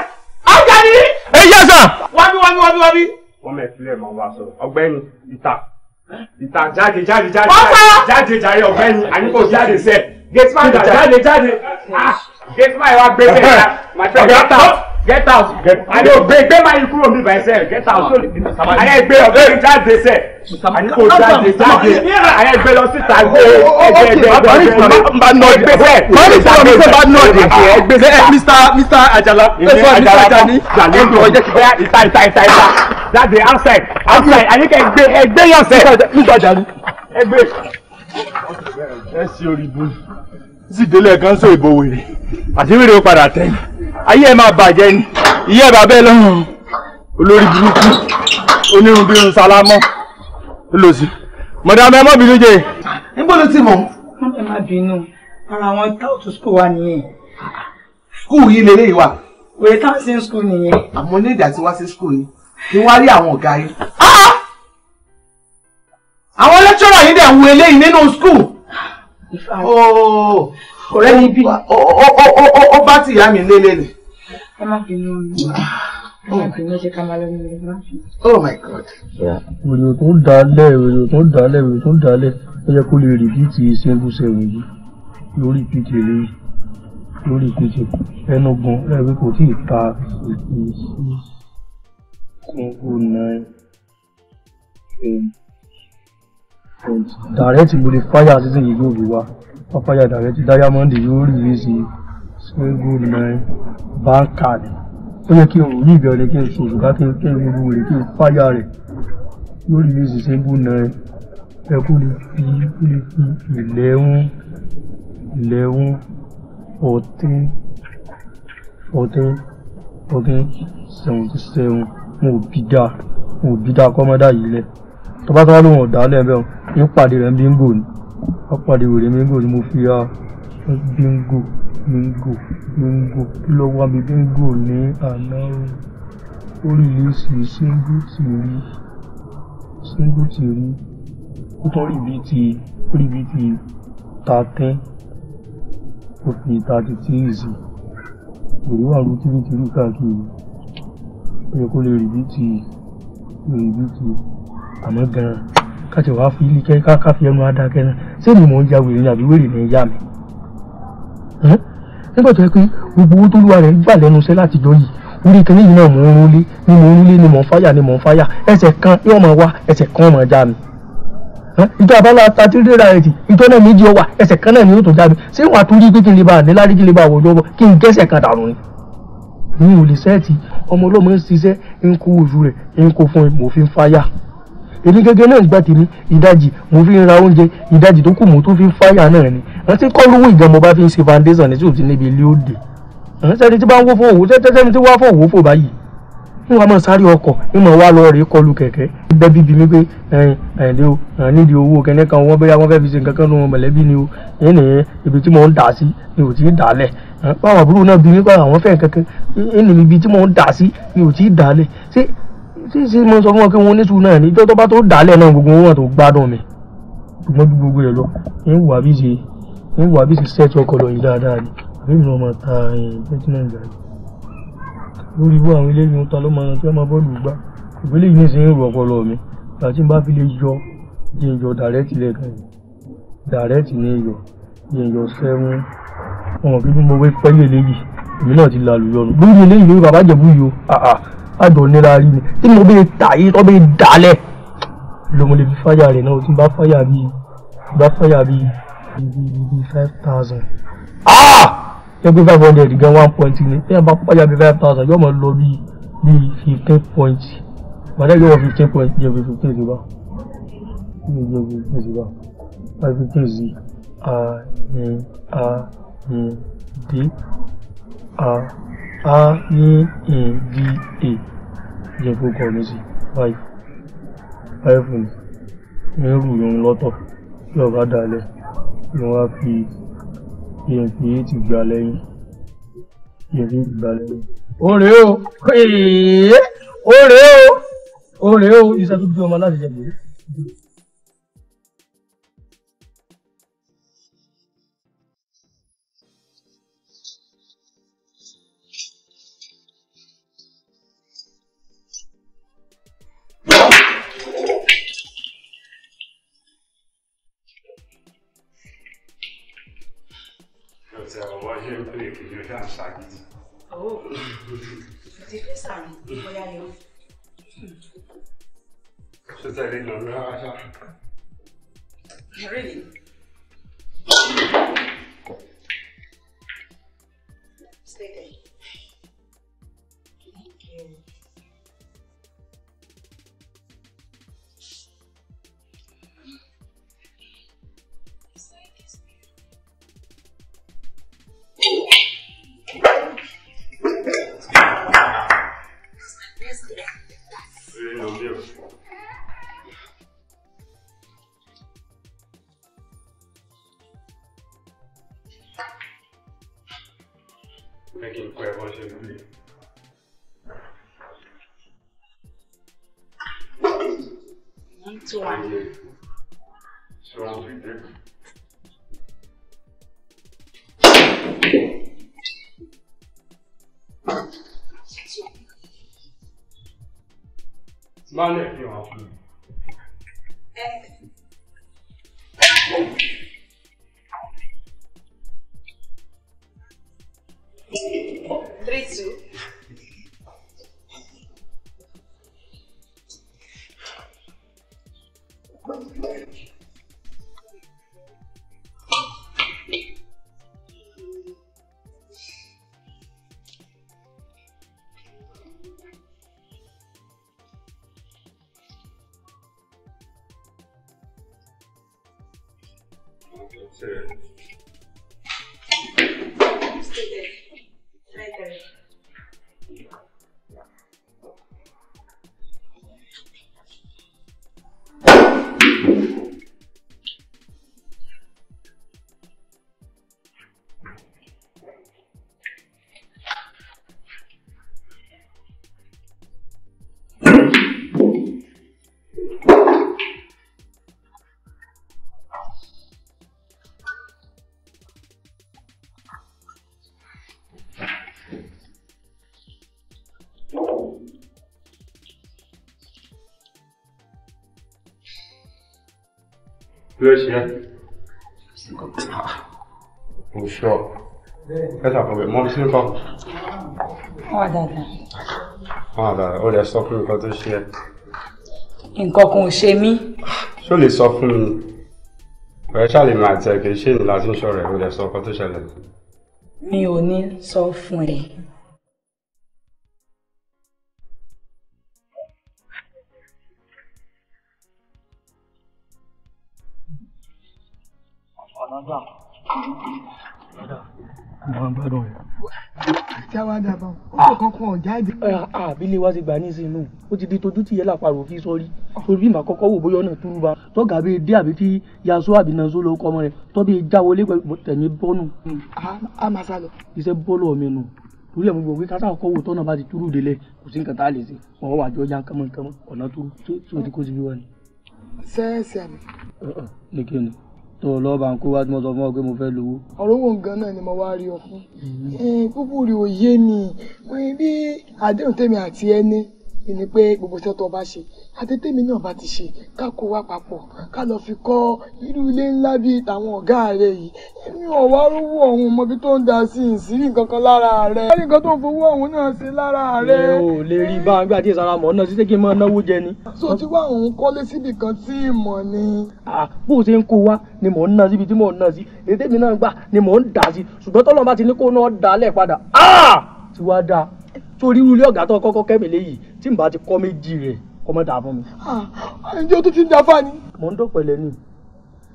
ajáni. ẹ yẹ sà. wábí wábí wábí wábí. wọ́n mẹ́ ìpínlẹ̀ mọ́ wa sọ ọgbẹ́ni ìta ìta jáde jáde jáde jáde jáde ọgbẹ́ni àníkò jáde sẹ́ẹ̀ gẹ́tì máa jáde jáde. Ah. Get my wa gbé bẹ́ẹ̀ ya my friend get out get out ale o gbé gbé man yìí kúrò mi by sef get out I ale gbé lọ sí jáde sẹ ale kò jáde jáde ale gbé lọ sí tagbe ẹgbẹ ẹgbẹ ẹgbẹ ẹgbẹ mọ̀rí sọ̀rọ̀ mi sẹ́ bá nọ̀ dé ẹgbẹ́ sẹ́ ẹ Mr Mr Ajala ẹ sọ Mr Ajani jàlejò ọjọ́ kí bẹ́ẹ̀ ìta ìta ìta ìta jáde outside outside àyíká ẹgbẹ́ ẹgbẹ́ yàn sẹ́ Mr Ajani ẹgbẹ́ ẹ sí orí bu sì délé kan sọ ìbò wèrè àti wèrè ó padà tẹ ayé ẹ máa bàjẹ́ ni ìyá ẹ bàbá ẹ lọ́rùn olórí burúkú onírun bí irun sálámọ́ lòsì mọ̀dàmú ẹ mọ́ bínú jẹ. níbo ló ti mọ̀. ẹ má bínú ara àwọn táwùtù skul wa nìyẹn. skul yìí lélẹ́yìí wa. wèrè táwọn sí skul nìyẹn. àmọ́ ní ìdá tí wá sí skul yìí kí wọ́n á rí àwọn ọ̀gá yìí. Ah! àwọn lẹ́kṣọ́rọ̀ yìí dẹ̀ ń wo eléyìí nínú skul. Oh, ọ̀rẹ́ mi bí. ó bá ti ìyá mi lélẹ̀ ni. ẹ má fi mú mi. Oh my God. Wèrè tó ń dalẹ̀ wèrè tó ń dalẹ̀ wèrè tó ń dalẹ̀ ó yẹ kó lè rìpíìtì ṣẹ́gun ṣẹ́gun yìí lórí ìpìtì eléyìí lórí ìpìtì ẹnu gan ẹgbẹ́ kò tí ì ta ìpìtì sí kóńgò náà direct modifier season yìí go. rí wa modifier direct diamond yóò rí rí sí single nine bank card ó yẹ kí òun yìí bẹ̀rẹ̀ kí n ṣe òṣùká kí n kí n gbogbo rẹ̀ kí n fáyà rẹ̀ yóò rí rí sí single nine ẹ kó lè fi kó lè fi eleven eleven fourteen fourteen fourteen seventy seven mo bì dáa mo bì dáa kọ́mọ́dá yìí lẹ̀ tó bá tọ́wọ́ lòun ọ̀dà lẹ́ẹ̀bẹ̀ o ní pàdé rẹ̀ bíngò ni wọ́n pàdé wèrè bíngò ni mo fi ra bíngò bíngò bíngò kí ló wá mi bíngò ní àná o rìlíìsì síngùtì rí síngùtì rí ó tún rí bíi ti rí bíi ti thirteen ó fi thirty three sí wèrè wà ló tìrìtìrì káàkiri ó lè rí ti rí ti àmọ́ gan-an káṣí wàá fi ilé kẹ́ ká fi ẹnu adákẹ́ náà ṣé ni mò ń ya wèrè ni àbí wèrè ni ń yá mi. nígbà tó yẹ pé gbogbo owó tó lúwa rẹ̀ gbà lẹ́nu iṣẹ́ látijọ́ yìí orí kan yìí náà mò ń rúlé ni mò ń rúlé ni mò ń fáyà ni mò ń fáyà ẹsẹ̀ kan yóò máa wá ẹsẹ̀ kan máa já mi. ìjọ àbálá ta tí rírà rẹ̀ tì ìjọ náà méjì ọwà ẹsẹ̀ kan náà ni yóò tó já mi ṣé wàá tún rí pé kí n lè bá àdé lárí kí n lè bá àwòjọ bọ kí n gẹ́sẹ̀ kan dànù ni. mi ò lè sẹ́ẹ̀tì ọmọ ọlọ́mọ ń ṣiṣẹ́ ń kó oṣù rẹ̀ ń kó fún mi mò fáyà èmi gẹ́gẹ́ náà gba tèmi ìdajì mo fi ń ra oúnjẹ ìdajì tó kù mo tún fi ń fáyà náà ni rántí kọ́ lówó ìgbà mo bá fi ń ṣe foundation ní tí ò ti níbi ilé òde sẹ́ni tí bá ń wó fún òwò sẹ́ni tí wá fún òwò fò báyìí ń wá máa sáré ọkọ̀ ń máa wá lọ rèé kọlu kẹ̀kẹ́ dẹ́bí bí mi pé ẹ̀yìn ẹ̀dẹ́ o nídìí owó kẹ́nẹ́ kan wọ́n bóyá wọ́n fẹ́ fi ṣe nǹkan kan nù mọ̀lẹ́bí ni o èyí nìyẹn ibi tí mò ń dà sí mi ò tí ì dàálẹ̀ báwọn àbúrò náà bí mi pé àwọn fẹ́ kankan èyí ibi tí mò ń dà sí mi ò tí ì dàálẹ̀ ṣé sí sí mo sọ fún wọn pé wọn oníṣù náà ní tó bá tó dálẹ̀ náà gbogbo wọn tó gbádùn mi ṣùgbọ́n bí gbogbo ẹ̀ lọ ń wà bí ṣe ń wà bí ṣe ṣẹ́ẹ̀tì ọkọ̀ lọ yìí dáadáa ni àbí mi náà máa ta bẹ́tínà ìgbà yìí lórí ibú àwọn eléyìí ń ta ló máa tí wọ́n máa bọ́ọ̀lù gbá ìgbélé yìí ní sí ń rò ọpọlọ mi ìgbà tí n bá fi lè yọ yìí ń yọ dàrẹ́tì lẹ́ẹ̀kan yìí dàrẹ́tì ní yọ yìí ń yọ sẹ́wọ́n ọmọ kí ló mọ pẹ́lú eléyìí èmi náà ti lálùyọ̀nù lórí eléyìí lórí bàbá jẹ̀bú yìí o ah, ah àjọ nira rí ni tí mo bẹ ta yìí tó bẹ dalẹ̀ ló mo lè fi fáyà rẹ̀ náà tí n bá fáyà bíi n bá fáyà bíi bíi five thousand. Ah! ṣé pé five hundred gan one point ni tí n bá fáyà bíi five thousand yóò máa lọ bíi bíi fifteen point màdá yóò wọ fifteen point jẹ́ bíi fifteen sí bá jẹ́ bíi fifteen sí bá five fifteen sí a ní a ní d a a yín e d a jẹ́ kó kọ́ mi sí five five ni mi rù yín lọ́tọ̀ tí ọba dalẹ̀ ni wọ́n á fi emp eight gbà lẹ́yìn emp eight gbà lẹ́yìn. ó o ó o ó rèé o ìṣàtúntò ọmọ láti jẹ bèrè. yẹn tó yẹ kí n yọjọ àṣà gidi. ọ̀ ìdílé sàrùn bóyá yẹn. ṣé tẹ̀lé lọ lọ́wọ́ àṣà? Stay there. ló ṣe mo ṣọ ẹ ṣàkọwé mọ sí nǹkan. wà dáadáa. wà dáadáa ó lè sọ fún nǹkan tó ṣe ẹ. nǹkan kan ò ṣe mí. ṣó lè sọ fún mi ọ̀rẹ́ ṣàlè máa tẹ̀ kì í ṣe ìnira tí ń ṣọ̀rẹ́ ó lè sọ nǹkan tó ṣẹlẹ̀. mi ò ní sọ fún ẹ. àwọn ah. wa ti gbà ní sinú ó ti di tójú tìyẹ́ làpàrọ̀ fi sọ́rí torí bí màá wò bóyá ọ̀nà túrú ba tọ́gà bí dé àbí tí yasu àbí nanso ló kọ́ ọmọ rẹ̀ tọ́bí jáwọlé pẹ̀lú tẹ̀mí bọ́nù. a máa sá lọ. iṣẹ́ bọ́ọ̀lù ọ̀mí nù torí àwọn gbogbo kátà ọkọ wò tọ́nà bá ti túrú délẹ̀ kò sí nǹkan tá a lè ṣe wọn wà jọ yan kánmọ́nkánmọ́ ọ̀nà túrú tí ó ti kó síbi tó lọ bá ń kó wá tí mo sọ fún ọ pé mo fẹ́ lówó. ọ̀rọ̀ wo nǹkan náà ni mo wá rí ọ fún. kúkú rí òye mi bí àdéhùn tèmi àti ẹni ni pé gbogbo iṣẹ́ tó bá ṣe àtẹ́tẹ́mi náà bá ti ṣe ká kó wa papọ̀ ká lọ fi kọ́ irú ilé ńlá bíi tàwọn ọ̀gá rẹ̀ yìí èmi ò wá rówó ọ̀hún mọ̀bí tó ń da sí ìsírí nǹkan kan lára rẹ̀ wọ́n ní nǹkan tó ń fowó ọ̀hún náà ṣe lára rẹ̀. ẹ ò lè rí bá gbé àti ìsara náà títí kí n náwó jẹ ni. so tí wàá òun kọ́lé síbi kan tí mọ̀ ni. bó o ṣe ń kó wa ni mò ń ná síbi tí mò ń ná sí ètè mi náà gbà ni mò ń dà sí ṣùgbọ́n tọ́lọ́ sórí irú ilé ọ̀gá tó kọ́kọ́ kẹ́mi léyìí tí n bá ti kọ́ méjì rẹ̀ kọ́ mọ́ ta fún mi. ǹjẹ́ o tún ti ń dáfà ni. mò ń dọ̀pẹ̀ lẹ́nu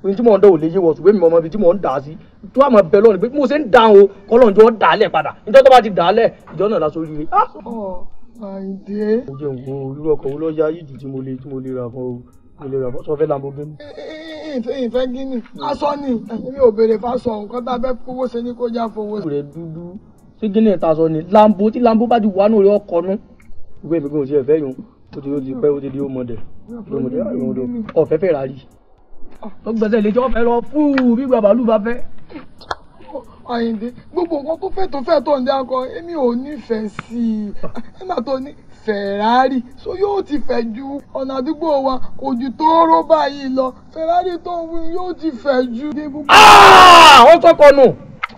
ohun tí mò ń dọ̀ ò lè yé wọ̀ ṣùgbọ́n mi mọ̀ ibi tí mò ń dà á sí tó àmọ́ bẹ lọ́rùn pé mo ṣe ń dà o kọ́lọ́n jọ dà á lẹ̀ padà níjọ́ tó bá ti dà á lẹ̀ ìjọ náà lásán oríire. Àyìndé. mo jẹ nǹkan irú ọkọ̀ wo lọ́ọ́ yá yìí jù tí mo lè tí mo lè rà fún o mo lè rà fún sọfẹ́ Lamborghini ìfẹ́ gíní aṣọ ni ò béèrè fásọ nǹkan tá a fẹ́ kówó ṣe já fowó sígínì ìta sọ ni lambo tí lambo bá ti wà nù rẹ ọkọ nú. ìwé mi gbọ́dọ̀ ẹ̀fẹ́ yòó ó ti ó ti ó ti di ó mọ̀dẹ̀ ó mọ̀dẹ̀ ó ọ̀fẹ́ fẹ́ ràrí. ó gbẹ́sẹ̀ lè jọ́ fẹ́ lọ fúù bí bàbá lù bá fẹ́. Àyìndé gbogbo nǹkan tó fẹ́ tó fẹ́ tó ń dé akọ èmi ò nífẹ̀ẹ́ sí i nígbà tó ní Ferrari so yóò ti fẹ̀ ju ọ̀nà àdúgbò wa kò ju tóóró báyìí lọ Ferrari tó ń wí yóò ti fẹ̀ ju. Ah! ó tọkọ nù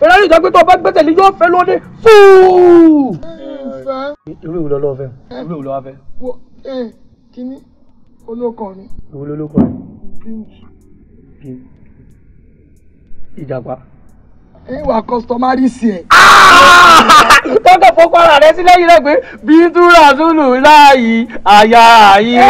ìrẹ́lẹ̀ ìjọ pé tó bá gbẹ́sẹ̀ lé yóò fẹ́ lóde fúù. irú ìwúlọ lọ fẹ́ irú ìwúlọ wa fẹ́. wo ee kíní olóko ni. ìwúlọ olóko ni. ìjàpá ìwà kọ́sítọ́márì sí ẹ̀. tọ́kẹ̀ fọ́kọ́ ara rẹ sílẹ̀ yìí rẹ̀ pé bíntúrà túlù láàyè àyà àyè.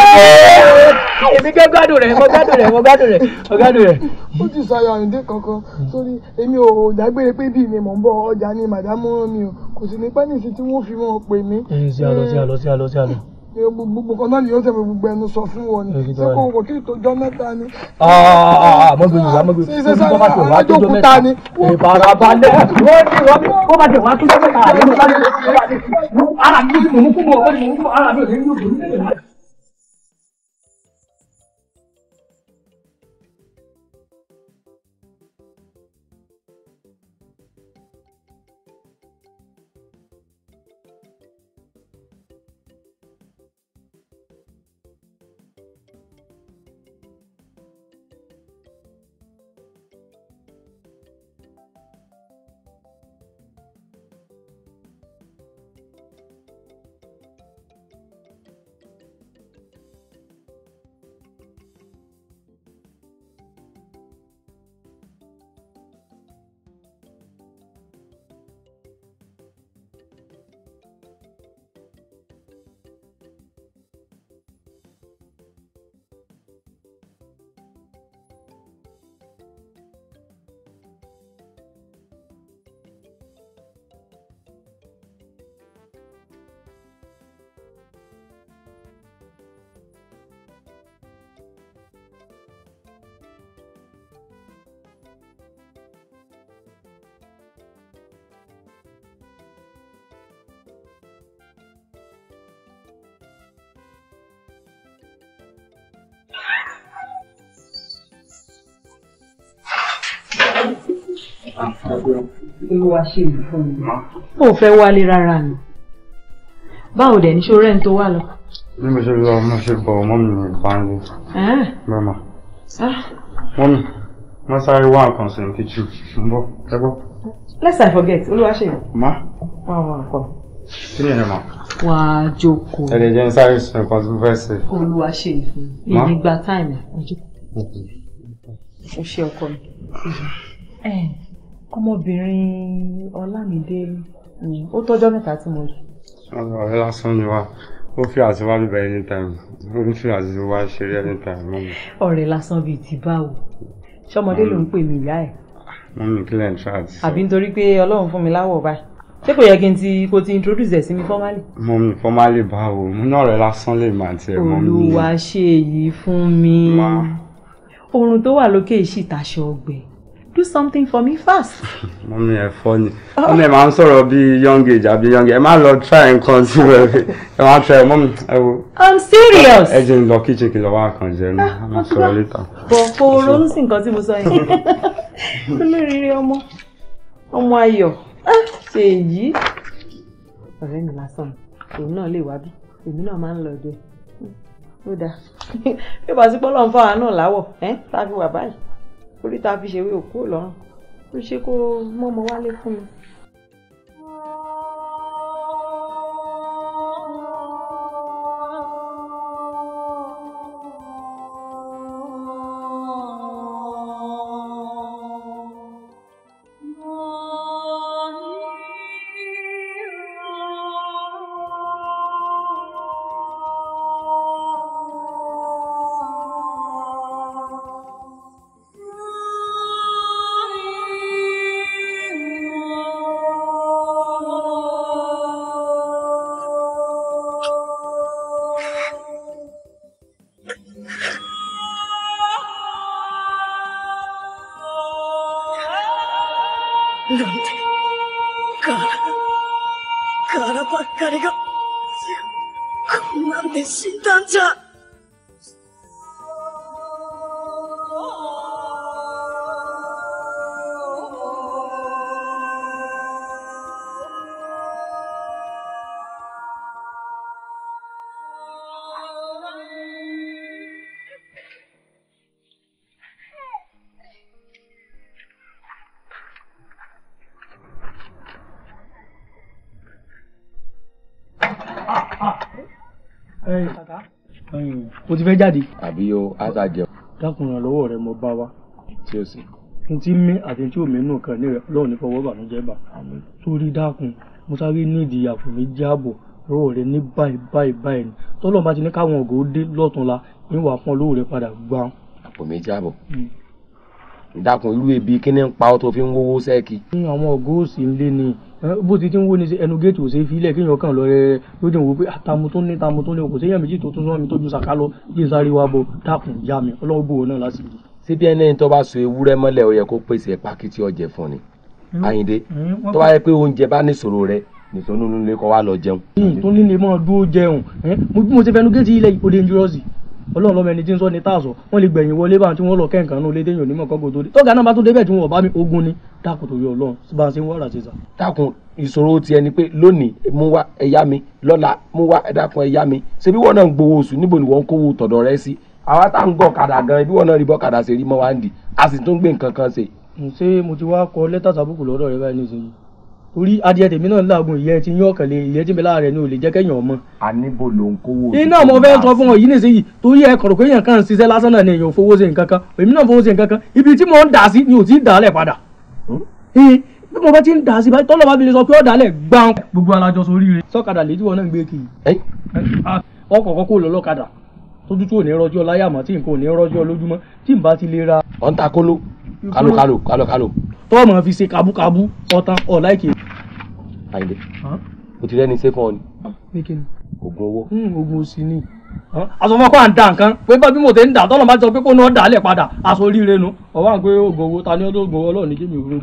èmi gẹ́ gbádùn rẹ̀ mo rẹ̀ mo rẹ̀ mo rẹ̀. ó ti sọyọ àyíǹde kankan sórí èmi ò dágbére pé bíi mi mò ń bọ ọjà ni màdámù mi ò kò sì ní pẹ́ẹ́nì sí tí wọ́n fi wọn pè mí. ṣé àlọ́ sí àlọ́ sí àlọ́ sí àlọ́ gbogbo kan náà yóò tẹ̀wé gbogbo ẹnu sọ fún wọn ni ṣé kò wò kí ìtòjọ́ mẹ́ta ni. mọ́gbẹ́ yorùbá mọ́gbẹ́ yorùbá bá tẹ̀ wá tójọ́ mẹ́ta ni. ìfarabalẹ̀ ó bá tẹ̀ wá tójọ́ mẹ́ta àlẹ́ mi mẹ́ta àlẹ́ mi bá tẹ̀ wá tójọ́ mẹ́ta bá tẹ̀ wá tójọ́ mẹ́ta mẹ́ta àlẹ́ mi mi bá tẹ̀ wá tójọ́ mẹ́ta àlẹ́ mi bá mi bá tẹ̀ wá tójọ́ olúwa ṣe ìlú fún mi. ó fẹ́ wálé rárá ni báwo dẹ̀ ní ṣó rẹ́ni tó wà lọ. bí mo ṣe lọ mo ṣe bọ̀ mọ́ mi ah. ní ìpàdé. mẹ́mà wọ́n mi wọ́n sáré wá nǹkan sí kíkì ń bọ̀ ẹ bọ̀. let's I forget olúwa ṣe. má wà wà nǹkan. kí ni ẹ mọ̀. wà á jókòó. ẹ lè jẹ́ ń sáré sọ nǹkan tí fẹ́ ṣe. olúwa ṣe ìfún mi ìgbà táìmù ọjọ́. o ṣe ọkọ mi. Ah ọmọbìnrin ọlámídé ó tọ́jọ́ mẹ́ta tí mo rí. ọ̀rẹ́ lásán ni wá ó fi àtiwá bíbẹ ẹni tàìmù ó ń fi àtiwá ṣeré ẹni tàìmù. ọ̀rẹ́ lásán bíi ti báwo ṣọmọdé ló ń pè mí ìyá ẹ̀. wọ́n mi kílẹ̀ ní ṣáàtì. àbí nítorí pé ọlọ́run fún mi láwọ̀ báyìí ṣé kò yẹ kí n ti kó ti introduce ẹ sí mi formally. mo mi formally báwo mo náà rẹ lásán lè máa tiẹ̀ mọ́ mi. olùwàṣe yìí fún mi. oorun tó wà lókè ìṣìtàṣọ ọgbẹ́ do something for me fast. mommy. ẹ̀ funny. ni mọ́mí ẹ̀ máa ń young age àbí young age ẹ máa lọ try nǹkan sí I'm ẹ máa try mọ́mí ẹ wo. i'm serious. ẹ jẹ́ n lọ kitchen kí n lọ wá I'm jẹ ní ah, a máa sọ̀rọ̀ later. bọ̀ kó ronú sí nǹkan tí mo sọ yẹn olóríire ọmọ ọmọ ayọ̀ ah, ṣe èyí. ọ̀rẹ́ mi lásán òun náà lè wá bí èmi náà máa ń lọ ọdẹ ó dáa bí ó bá sí pọ́lọ́ ń fọ́ àánú làwọ̀ tá a fi wà báyìí orí tá a fi ṣèwé òkú lọ́rùn ló ṣe kó mọ́mọ wálé fún mi. mo ti fẹ́ jáde. àbí o àṣà jẹ. dákun ràn lọ́wọ́ rẹ mo bá wa. tí o sì. n ti mí àti tí omi inú kan ní rẹ lọ́wọ́ nípa owó ìbànújẹ́ bá. sórí dákun mo sáré ní ìdí àpò méjì ààbò lọ́wọ́ rẹ ní báyìí báyìí báyìí ni tọ́lọ́ bá ti ní káwọn ògò dé lọ́tún la ní wàá fún ọ lówó rẹ padà gbà. àpò méjì ààbò. Hmm dákun irú ebi kíní ń pa ọ́ tó fi ń wówó sẹ́ẹ̀kì. ní àwọn ọ̀gá òsì ń lé ni bó ti ti ń wó ni ẹnu géètì ò ṣe fi ilẹ̀ kéèyàn kàn lọ rẹ ló dé wò pé àtàmú tó ní tàmú tó ní kò séyàn méjì tó tún sọ́mi tó ju sàká lọ yé sáré wa bọ̀ dákun yá mi ọlọ́wọ́ bò náà lásìkò. síbi ẹni tó bá so ewúrẹ́ mọ́lẹ̀ ó yẹ kó pèsè pàkìtì ọ̀jẹ̀ fún ni hmm? Àyìndé hmm, tó bá yẹ pé oúnjẹ bá níṣòro rẹ nìṣó nínú ilé kọ́ wa lọ jẹun. tó nílé mọ́ dúró jẹun mo bí mo ti fẹnu géètì ilẹ̀ ìpolonjúrọ́sì ọlọ́run lọ́mọ ẹni tí ń sọ ní tààsọ̀ wọ́n lè gbẹ̀yìn wọlé báwọn tí wọ́n lọ kẹ́ǹkan náà lédè yòóní mọ̀kọ́ kò tó dé tọ́gà náà bá tó débẹ̀ tí wọ́n bá mi ogun ni dákun tó yọ ọlọ́run bá a ṣe ń wàrà ṣe sà. dákun ìṣòro ti ẹni pé lónìí mú wá ẹ̀yá mi lọ́la mú wá ẹ̀dákun ẹ̀yá mi ṣebí wọ́n náà ń gbowó oṣù níbo ni wọ́n ń kówó tọ̀dọ̀ rẹ sí àwa tá ń gọ̀ kàdà gan ibi wọ́n náà rí bọ́ kàdà ṣe rí mọ́ wá ń dì a sì tún gbé nǹkan kan ṣe. ṣé mo ti wá kọ lẹ́tà sábùkù lọ́dọ̀ rẹ báyìí nísìnyí orí adìẹ tèmi náà làágùn ìyẹ́ ti yín ọ̀kànlẹ̀ ìyẹ́ ti bẹ̀là rẹ̀ ni ò lè jẹ́ kẹ́yìn ọmọ. a níbo ló ń kówó. iná mo fẹ́ sọ fún ọ yìí nìsín yìí torí ẹ kọ̀rọ̀ pé èèyàn kan ń ṣiṣẹ́ lásán náà ni èèyàn ò fowó ṣe nǹkan kan èmi náà fowó ṣe nǹkan kan ibi tí mo ń dà sí ni ò tí ì dà á lẹ̀ padà. Hmm? bí mo bá ti ń dà sí báyìí tọ́lọ́ bá fi lè sọ pé ọ̀dà lẹ̀ gbọ́n. gbogbo alájọ sórí rẹ. sọ́kadà lè tiwọn náà gbé kì í. ọkọ̀ kọ́kọ́ kó lọ lọ́kadà tójú tí ò ní rọjò láyàmọ́ tí nǹkan ò ní rọjò lójúmọ́ tí n bá ti lè ra. ọ̀ ń ta kóló kálò kálò kálò kálò tó mọ̀ fi ṣe kábúkábú ọ̀tán ọ̀ láìkè. àyìnbé o ti rẹ́ni ṣé fún ọ ni. oògùn owó. Hmm, oògùn òsì ni àsọmọ kó à ń da nǹkan pé bá bí mo ti ń dà tọ́lọ̀ máa jọ pé kó náà dà á lẹ̀ padà aṣọ oríire nu ọ̀wá ń pé oògùn owó ta ni ó lóògùn owó ọlọ́ọ̀ni kí mi ògùn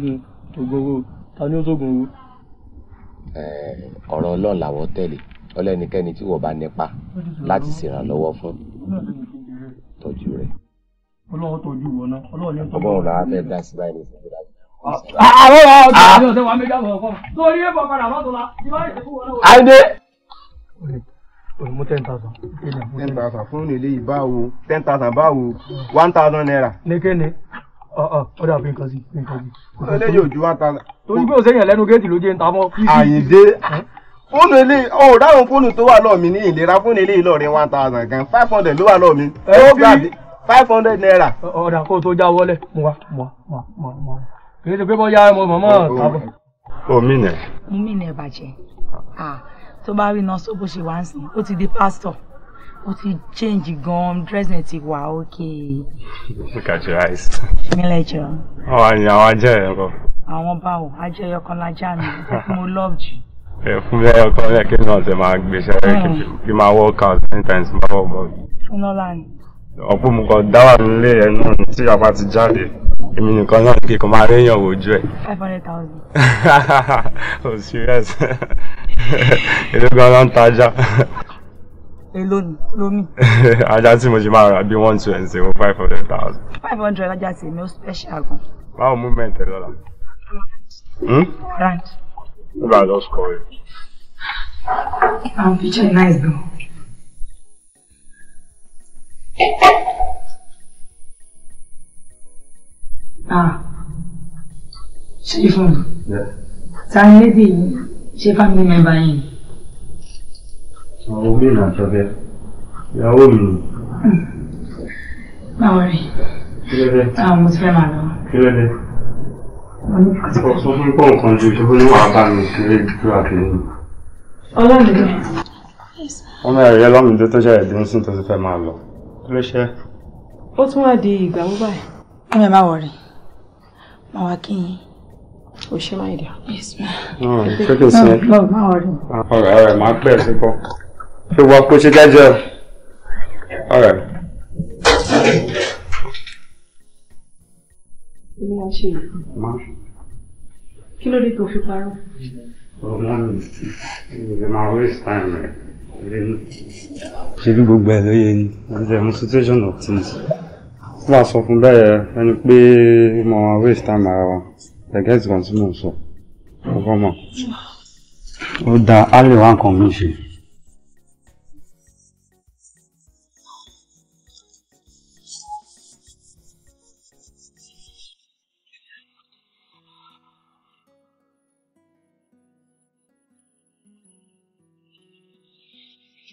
oògùn owó ta ni ó lóògùn owó. ọ̀rọ̀ ọlọ́run làwọ̀ tẹ̀lé ọlẹ́nikẹ́ni tí wọ́n bá nípa láti ṣèrànlọ́wọ́ fún tọ́jú rẹ̀. ọlọ́run tọ́jú wọn náà ọlọ́run ní àwọn ọ̀dọ́ torí ẹ̀ bọ̀ padà bọ́tò la ìbá ìṣẹ́kù wọn náà. àìdè olùmú ten thousand. ten thousand fún eléyìí báwo ten thousand báwo one thousand naira. nìkéne ọ̀ọ̀ ọ̀dà fi nǹkan sí nǹkan sí. eléyìí ò ju one thousand. torí pé òsèyàn lẹ́nu géètì ló jẹ́ ń ta mọ́. àyìndé fóònù eléyìí ọ̀ dáhùn fóònù tó wà lọ́ọ̀ mi ní ìlera fóònù eléyìí lọ́ọ̀rin one thousand gan five hundred ló wà lọ́ọ̀ mi. ẹ fi five hundred naira. ọ̀dà kó o tó já wọlé mọ́ wa mọ́ wa mọ́ wa kì í ṣe pé bóyá mo mọ̀ mọ́ kábọ̀. o mi nẹ. mo mi nẹ bàjẹ́ tó bá rí iná sóbò ṣe wá ń sìn ó ti di pásítọ̀ ó ti change gan dressing ti wà ókè. look at your eyes. ìmílẹ̀ jọ. àwọn àyàn àwọn ajẹ́ ẹ̀ kọ. àwọn báwo ajẹ́ ẹ̀yọkan lajá mi mo love you fún bí ẹyọ kan lẹ́ẹ̀kí náà ṣe máa gbèsè rẹ̀ kí máa work out ten times máa wọ̀ bọ̀. fúnlọ́lá ni ọ̀pọ̀ mo kàn dá wà nílé ẹ̀ tí a bá ti jáde èmi nìkan náà kí kò máa réyàn wojú ẹ̀. five hundred thousand. oh serious èló gan ló ń tajà. èló ni lómi. ajá tí mo ṣe máa rà bí one twenty o five hundred thousand. five hundred ajá sí mi ó special gan. báwo movement ẹ lọ́la. Hmm? rand. nígbà tó sọ rẹ. àwọn picture nice gan. Ah, Ṣéfún, sáré lédè yìí ṣé fámìlì mẹ́mbà yìí? Àwọn obìnrin náà sọ́fẹ́, ìyàwó mi ni. Báwo rí? Kílódé? Àwọn ah, mo ti fẹ́ máa lọ. Kílódé? Sọ fún pọ̀ nǹkan ju ìṣòro ní wàá bá mi kéré ju àkèrè mi. Ọlọ́run ló dé. Ọmọ ẹ̀rẹ́ lọ́mìdó tó ṣẹ̀yẹ̀ bí ń sìn tó ti fẹ́ máa lọ ló ṣe. ó tún wá di ìgbà wo báyìí. ọmọ ẹ má wọrí má wá kí yín. o ṣe máa dà. má wọrí. ọ̀rọ̀ ọ̀rọ̀ máa pẹ́ sí bọ́ ṣé wọ́n kó ṣe jẹ́jẹ́ ọ̀rọ̀. kí ló wá ṣe yìí. kí ló dé tó fi parọ́. ọmọ mi ò lè máa waste time rẹ̀ ṣe gbogbo ẹ̀ lóye ni and the constitution of things tó bá sọ fún bẹ́ẹ̀ ẹni pé mo máa waste time ara wa ẹ̀gẹ́ ìsìnkàn tí mò ń sọ ọkọ mọ̀ ó da á wá nǹkan mi ṣe.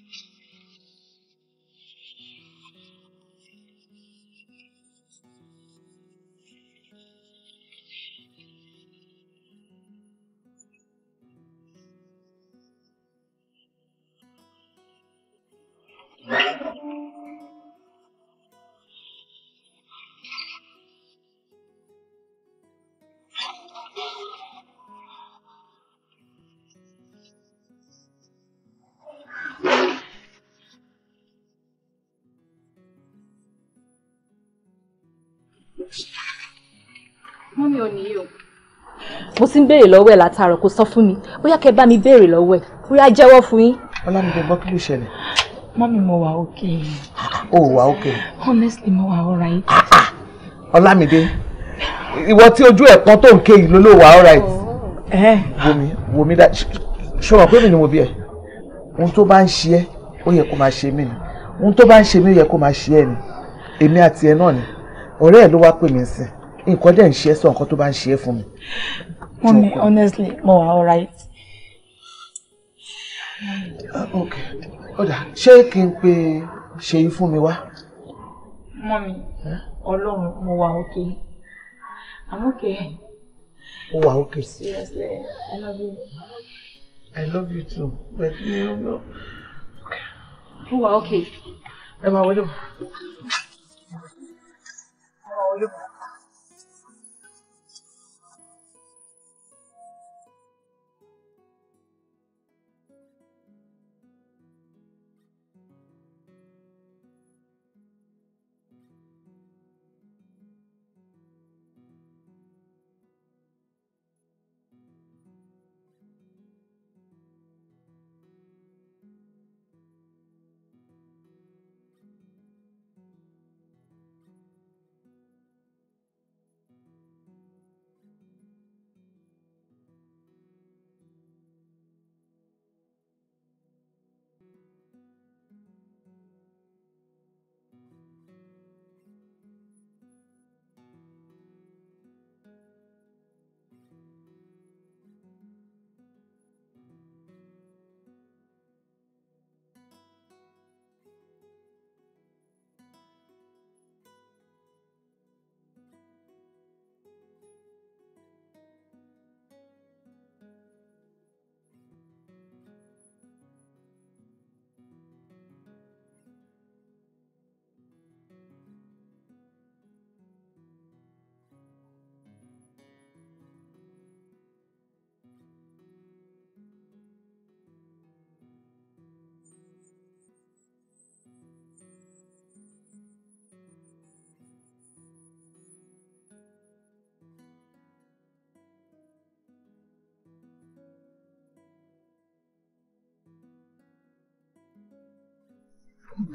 Mm-hmm. mú mi ò níyì o. mo ti ń béèrè lọ́wọ́ ẹ̀ látàárọ̀ kò sọ fún mi bóyá kẹ́ bá mi béèrè lọ́wọ́ ẹ̀ bóyá jẹ́wọ́ fún yín. ọlámídé gbọ́ kí ló ṣẹlẹ̀. mọ́mí mo wà òkè. o wà òkè. honestly mo wà alright. ọlámídé ìwọ tí ojú ẹ̀ kan tó ń ké yìí ló ló wà alright. wo mi wo mi dá ṣé o mọ̀ pé mi ni mo bí ẹ ohun tó bá ń ṣe ẹ́ ó yẹ kó máa ṣe mí ni ohun tó bá ń ṣe mí ó yẹ kó máa ṣe ẹ́ ni èmi àti ẹ náà ni ọ̀rẹ́ ẹ̀ ló wá pè mí sìn nǹkan dẹ̀ ń ṣe sọ nǹkan tó bá ń ṣe fún mi. mọ́mi honestly mo wà alright. Ah, ok ọ̀dà ṣé kí n pe ṣèyí fún mi wá. mọ́mi ọlọ́run mo wà okay i'm okay. mo wà okay. seriously i love you. i love you too but you know. mo wà okay. ẹ máa wọlé bọ̀. ẹ máa wọlé bọ̀.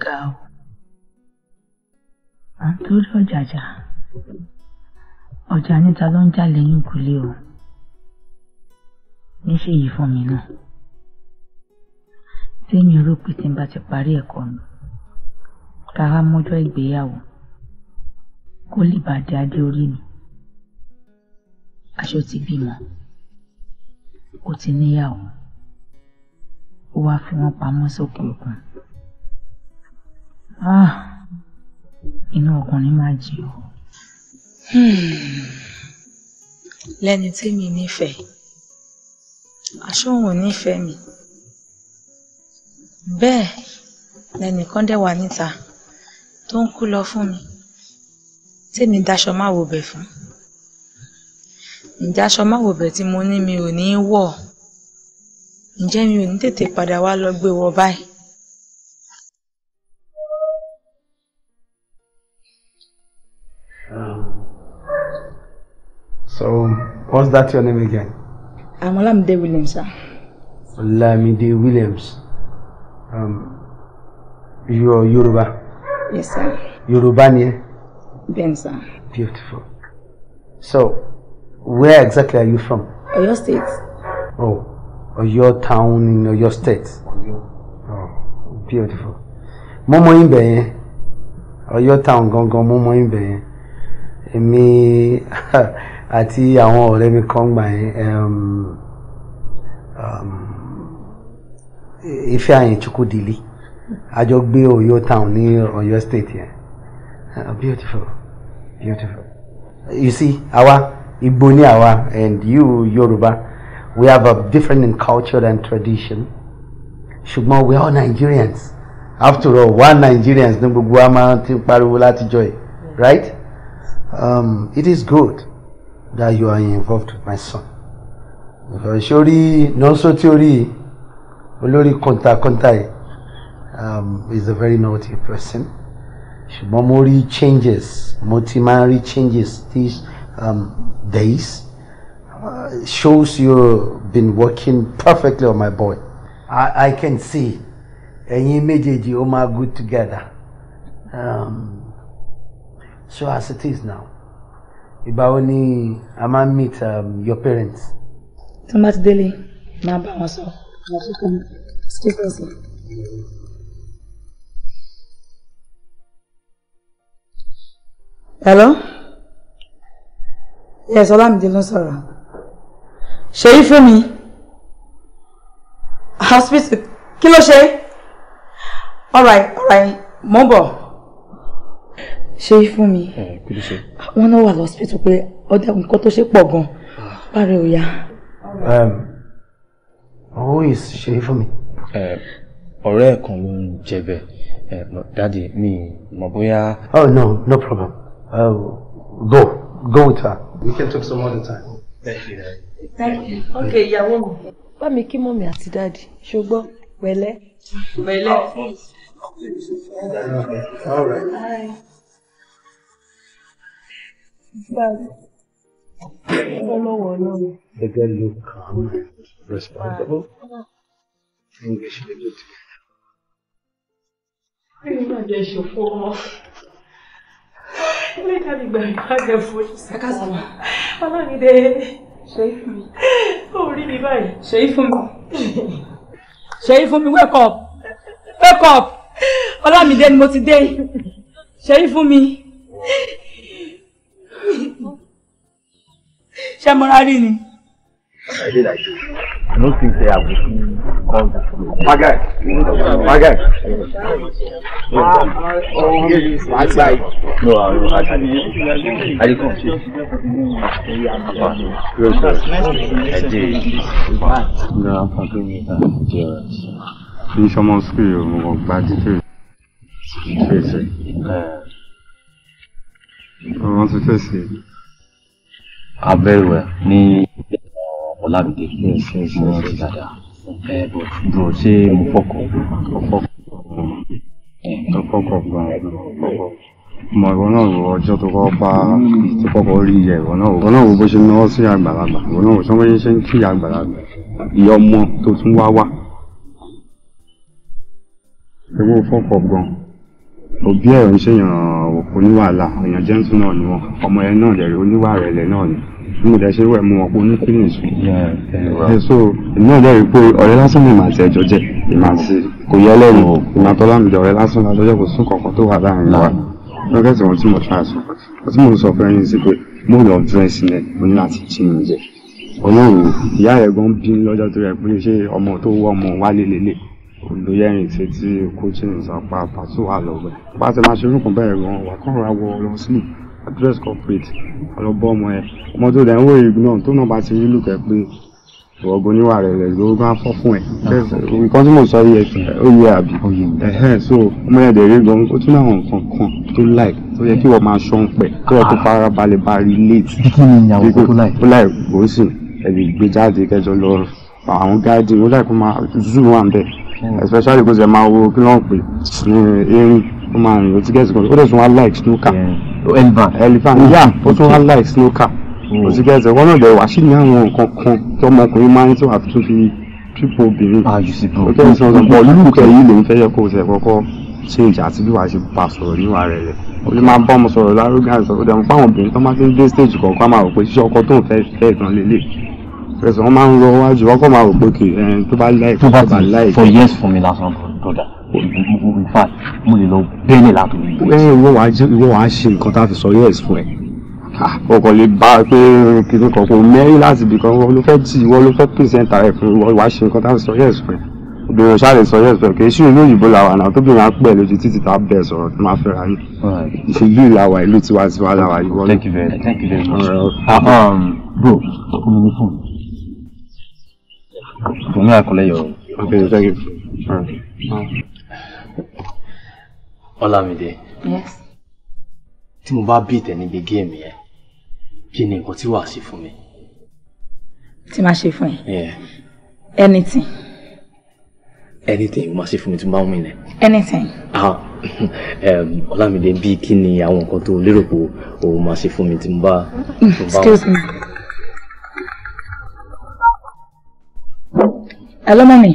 ga ọ à ń torí ọ̀jàjà ọjà níta ló ń jalè o níṣẹ́ yìí fún mi náà tẹ́mi rò pé tí n bá ti parí ẹ̀kọ́ mi ká wá mọ́jọ́ ìgbéyàwó kó lè bá dé adé orí mi aṣọ ti bímọ ó ti níyàwó Ah, inú ọkùnrin máa jẹ o. Hmm. lẹ́ni tí mi nífẹ̀ẹ́ aṣóhun nífẹ̀ẹ́ mi bẹ́ẹ̀ lẹ́nìkan dẹ̀ wà níta tó ń kú lọ fún mi tèmi daṣọ má wò bẹ̀ fún ǹjẹ́ aṣọ má wò bẹ̀ tí mo ní mi ò ní í wọ̀ ǹjẹ́ mi ò ní tètè padà wá lọ gbé wọ̀ báyìí. So, what's that your name again? I'm Olamide Williams, sir. Olamide Williams. Um, You're Yoruba? Yes, sir. Yorubani. Ben, sir. Beautiful. So, where exactly are you from? Oyo State. Oh, Oyo town in Oyo State. Oyo. Oh, beautiful. Mo mọ ibẹ̀ Oyo town gangan mo mọ ibẹ̀ yẹn. àti àwọn ọ̀rẹ́ mi kan gbà yẹn ife àyìn chukwudili a jọ gbé Ọ̀yọ́ town ní Ọ̀yọ́ state yẹn uh, beautiful beautiful you see awa Igbo ni awa and you Yoruba we have a different in culture and tradition ṣùgbọ́n we are Nigerians after all one Nigerians ní gbogbo wa máa ti pariwo látijọ́ yìí right um, it is good. that you are involved with my son because sori so theory olórí kọńtà Kontai um, is a very naughty person She mo changes mo changes these um, days uh, shows you been working perfectly on my boy I, I can see ẹ̀yin méjèèjì ó máa good together um, so as it is now ìgbà wo ni a máa ń meet um, your parents. tí wọ́n bá ti délé máa bá wọn sọ. hello yes Olamide, ló ń sọ̀rọ̀ ṣe é fún mi hospital kí ló ṣe all right all right mo ń bọ̀ ṣe fún mi wọn náà wà lọ́sípítù pé ọdẹ nǹkan tó ṣe pọ̀ gan pàrẹ òyà. owó ìṣe fún mi. ọ̀rẹ́ ẹ̀ kan ló ń jẹ bẹ́ẹ̀ dáàdi mi mọ̀ bóyá. oh no no problem uh, go go with her. we can talk some other time. thank you. thank you. okay ìyàwó mi. bá mi kí mọ̀mí àti dáàdi ṣùgbọ́n pẹ̀lẹ́. pẹ̀lẹ́. Oh, oh. all right. All right the girl looked calm and responsible. I think they should be good together. Later, the baby had their food. Sakasama. Along with the ṣe fún mi. ó rí mi báyìí. ṣe fún mi. ṣe fún mi wake up wake up ọlámídé ni mo ti dé ṣe fún mi. ṣé mo rárí ni. I don't think they are with me. My guy, my guy. My guy. No, I don't. I didn't come. Real sorry. I did. No, I'm fucking with that. Ní sọmọ skul yìí mo kàn gba detail. Fèsì. Àwọn ti fèsì. I'm very well ní Ọlámídé mo ti dáadáa ẹ bọ mo fọkọ fọkọ fọkọ gan fọkọ mọ ìwọ náà wò ọjọ́ tó kọ bá tó kọkọ rí ìyá ìwọ náà wò ìwọ náà wò bó ṣe náwó sí àgbàlagbà ìwọ náà wò sọ wọn ṣe ń kí àgbàlagbà ìyá ọmọ tó tún wá wá ewu fọkọ gan òbí ẹ̀ ń ṣèyàn òkú ní wàhálà èèyàn jẹ́ǹtù náà ni wọn ọmọ ẹ náà lẹ̀rí oníwà rẹ̀ lẹ̀ náà ni bí mo dẹ̀ ṣe wẹ̀ mú wọn kó ní kílìn so èmi náà lẹ́rìí pé ọ̀rẹ́ lásán ni màá ti ẹjọ́ jẹ́ ìmọ̀ àti kò yẹ lẹ́nu ìmọ̀ àtọ́lámìdọ̀ ọ̀rẹ́ lásán lásán jẹ́ kò sún kankan tó wà láàrin wa lọ́gẹ́sì wọn tí mo tún àṣọ wọn tí mo sọ fún ẹyin sí pé mo lọ dírẹ́sì rẹ̀ mo ní láti jí mi jẹ ọlọ́run ìyá rẹ̀ gan bí lọ́jọ́ tó rẹ̀ pé ṣé ọmọ tó wọ́ ọmọ wálé lélẹ̀ olóyẹ̀rìn tí tí kóòtù ní sapa pàtó wà lọ́wọ́ ẹ̀ bá ti máa ṣe orúkọ bẹ́ẹ̀ gan wà kàn ra wọ lọ sí address corporate ọlọ́bọ ọmọ ẹ ọmọ tó dẹ̀ ń wò ìgbìn náà tó náà bá ti rí lùkẹ́ pé ìwọ̀gbọ́n níwà rẹ̀ lẹ̀ ló bá fọ́ fún ẹ̀ nǹkan tí mo sọ yẹ ó yẹ àbí so ọmọ ẹ̀ dẹ̀ rí gan ó tún láwọn nǹkan kan tó like tó yẹ kí wọ́n máa ṣọ́ ń pẹ̀ tó yẹ ah. kó fara balẹ̀ bá relate bí kí ni ìyàwó tó like tó like ó sì ẹ̀ lè gbé jáde kẹjọ lọ àwọn gáàdì ó like ó máa zoo wà ń bẹ̀ especially kò sẹ máa wo kí ló ń pè erin ó máa rìn otí gẹ̀ẹ́sì kan ó dẹ̀ tún wá like snooker oh, elephant elephant oh, yà ó tún wá like snooker otí gẹ̀ẹ́sì wọn náà dẹ̀ wá sí ní àwọn nǹkan kan tí ọmọkùnrin máa ń tí wàá tún fi triple obìnrin ah, ó kẹ́ ẹ̀ sọ sọ pọ̀ lúlù kẹ́yìn lòún fẹ́ yẹ kó o sẹ̀ kọ́kọ́ change àti bí wàá ṣe bá sọ̀rọ̀ níwà rẹ̀ rẹ̀ ó lè máa bá ọmọ sọ̀rọ̀ lárúgà sọ̀rọ̀ dẹ̀ fáwọn obìnrin tó máa fi ń dé stage kọ̀ọ̀kan máa rò pé ṣíṣe ọkọ tó ń fẹ́ fẹ́ ìtàn lélẹ̀ fẹsẹ̀ wọn máa ń lọ wájú wọn kọ́ máa rò pé kì í eh, tó bá láì tó bá láì. for years for me last month broda in fact mo lè lọ bẹ́ẹ̀lì láti rí. ìwọ wàá ìwọ wàá ṣe nǹkan tá a fi sọ yes fún ẹ ọkọ lè bá pé kìnnìún kan kò mẹ́rin láti ibì kan wọn ló fẹ́ tì wọ́n ló fẹ́ pèsèǹtà rẹ̀ fún wọn wàá ṣe nǹkan tá a fi sọ yes fún ẹ obìnrin ṣáà lè sọ yes fún ẹ kì í ṣe ìlú òyìnbó làwà náà tó bìnrin á pẹ̀ lójú títí tá a bẹ̀ sọ̀rọ̀ tó máa fẹ́ra yìí ìṣèlú ìlàwà ìlú tiwa tiwa làwà yìí wọlé. thank you very much. Uh, um, bro omi ní fóònù. Mimi akuleyo. Okay, thank you. Ọlámídé. Yes. Tí mo bá beat ẹ níbi géèmì yẹn, kí ni nǹkan tí wàá ṣe fún mi? Tí máa ṣe fún ẹ? Anything. Anything, máa ṣe fún mi tí mo bá win ẹ. Anything. Ah, um, Ọlámídé bí kí ni àwọn nǹkan tó lérò pé o máa ṣe fún mi tí mo bá. Excuse me. Hello, mami.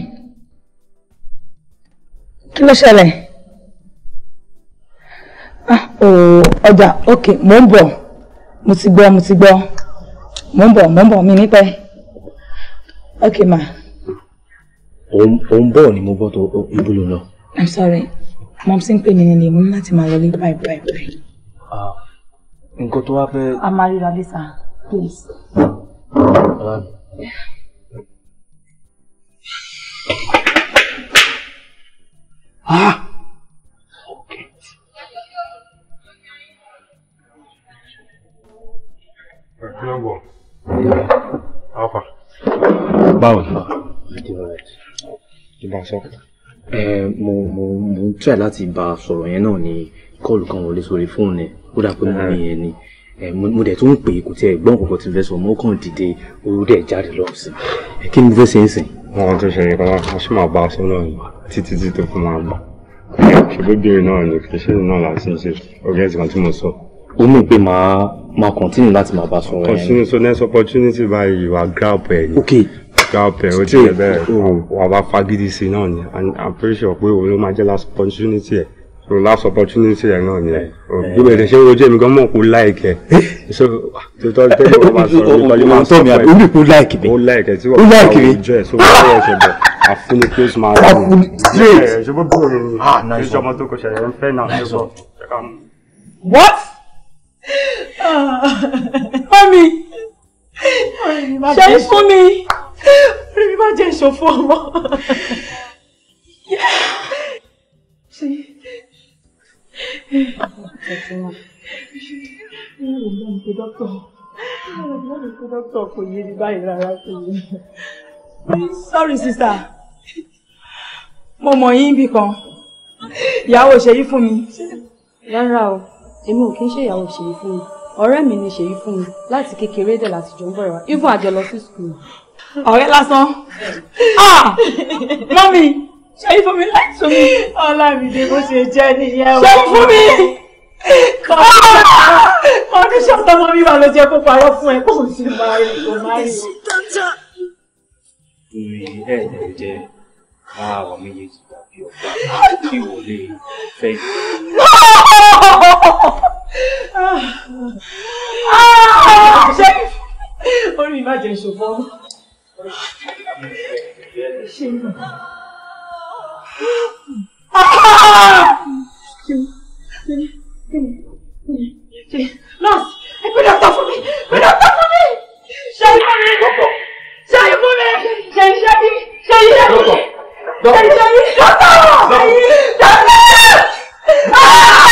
Kí ló ṣẹlẹ̀? Ah, ooo, oh, ọjà, ok, mò ń bọ̀. Mo ti gbọ́, mo ti gbọ́. Mò ń bọ̀, mò ń bọ̀, mi nípẹ́. Ok, ma. Òun bọ̀ ni mo gbọ́ tó ibú ló lọ. I'm sorry, mom sì ń pè mí nílé, mo ní láti máa lọlé báyìí báyìí báyìí. Nǹkan tó wá fẹ́. A máa ríra lẹ́sà, please. Um. Ah! Okay. Alpha. Báwo ni? Ìbá sọ. Ẹ mo mo mo try láti bá a sọ̀rọ̀ yẹn náà ní kọ́ọ̀lù kan wọlé sórí fóònù ẹ̀. Ó dà pé mo ní yẹn ni mo dẹ̀ tó ń pè kò tiẹ̀ gbọ́n kòkò tí n fẹ́ sọ mo kàn dìde orú dẹ̀ jáde lọ sí i kí ni mo fẹ́ ṣe ń sìn. wọn tó ṣe nìkan náà wọn sì máa bá a sọ náà títí tí tó fún máa gbà ṣùgbọ́n náà ni kì í ṣe náà láti ṣe ọgá ẹ̀sìn kan tí mo sọ. ó mú pé màá máa continue láti máa bá a sọ. continue so next opportunity báyìí wà grab ẹ̀ ni. ok grab ẹ̀ o ti rẹ̀ bẹ́ẹ̀ oh. wà bá fagídí sí náà ni and i'm pretty sure pé òun ló máa jẹ́ last opportunity ẹ̀ last opportunity ẹ̀ náà yẹn bí bẹ̀rẹ̀ ṣe ń rojú èmi gan mọ̀ kó láìkẹ̀ so tòótọ́ tẹ́lẹ̀ wọ́n máa sọ̀rọ̀ nípa yóò máa sọ̀rọ̀ pẹ̀lú olùkó láìkì mi ó láìkẹ̀ tí wọ́n máa wọ ìjọ so wọ́n fẹ́ ọ̀ṣẹ̀ bọ̀ àfúnni close máa wọ̀ àfúnni straight ṣùgbọ́n bí òun ni ṣíṣe ọmọ tó kọ ṣẹ̀yẹ ń fẹ́ náà ṣùgbọ́n. what? mami ṣe é fún mi orí mi má jẹ́ ìṣòfò ọmọ. Sorry sister, mo mọ̀ yín bì kan. Ìyàwó ṣèyí fún mi. Rárá o, èmi ò kí ń ṣe ìyàwó ṣèyí fún mi. Ọ̀rẹ́ mi ni ṣèyí fún mi láti kékeré dẹ̀ láti jọ ń bọ̀rọ̀ wa. Even àjọ lọ sí school. Ọ̀rẹ́ lásán. Ah! Mọ́mí ṣẹ́yìn fún mi láti sọ mi. ọlámídé bó ṣe jẹ́ nìyẹn o. ṣẹ́yìn fún mi. ọdún ṣọ́tọ́ mọ́ mi wà ló jẹ́ kó parọ́ fún ẹ kó sì máa rí o máa rí o. torí ẹ̀ẹ́dẹ̀ jẹ́ báwọn méjèèjì tàbí ọgbà tí ò lè fẹ́ yìí. ṣẹ́yìn orí ìmájẹ̀ ṣòfò. ṣẹ́yìn. Nurse, ẹgbẹ́ dọ́tọ̀ fún mi, ẹgbẹ́ dọ́tọ̀ fún mi. Ṣé ikú mi? Ṣé ikú mi? Ṣé iṣẹ́ mi? Ṣé iṣẹ́ mi? Ṣé iṣẹ́ mi? Dọ́tọ̀! Dọ́tọ̀! Dọ́tọ̀!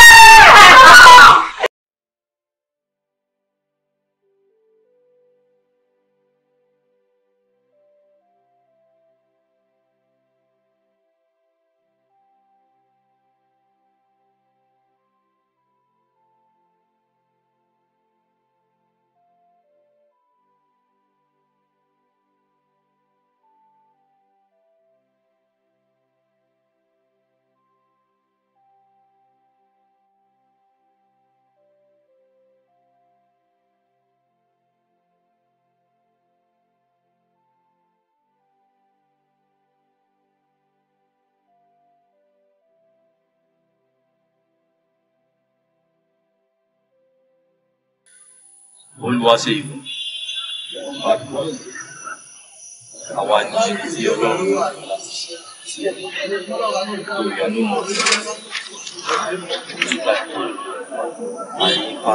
olúwa ṣe ìlú àwa jíjí tí ọlọ́run ìyanu mọ̀ nígbà tí àyíká tó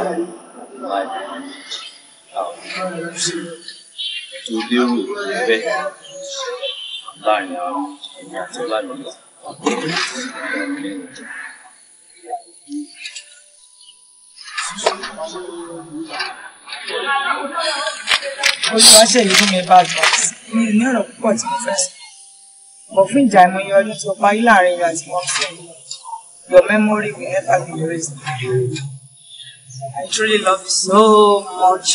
lérò bẹ́ẹ̀ láàrin àwọn ènìyàn àti láàrin Thank you olúwa ṣe lè fún mi bá jọ mi ò ní ọ̀rọ̀ púpọ̀ tí mo fẹ́ sọ mọ̀ fún ìjà ìmọye ọdún tó parí láàrin ìlú àti wọn fún mi your memory will never be erased I truly love you so much.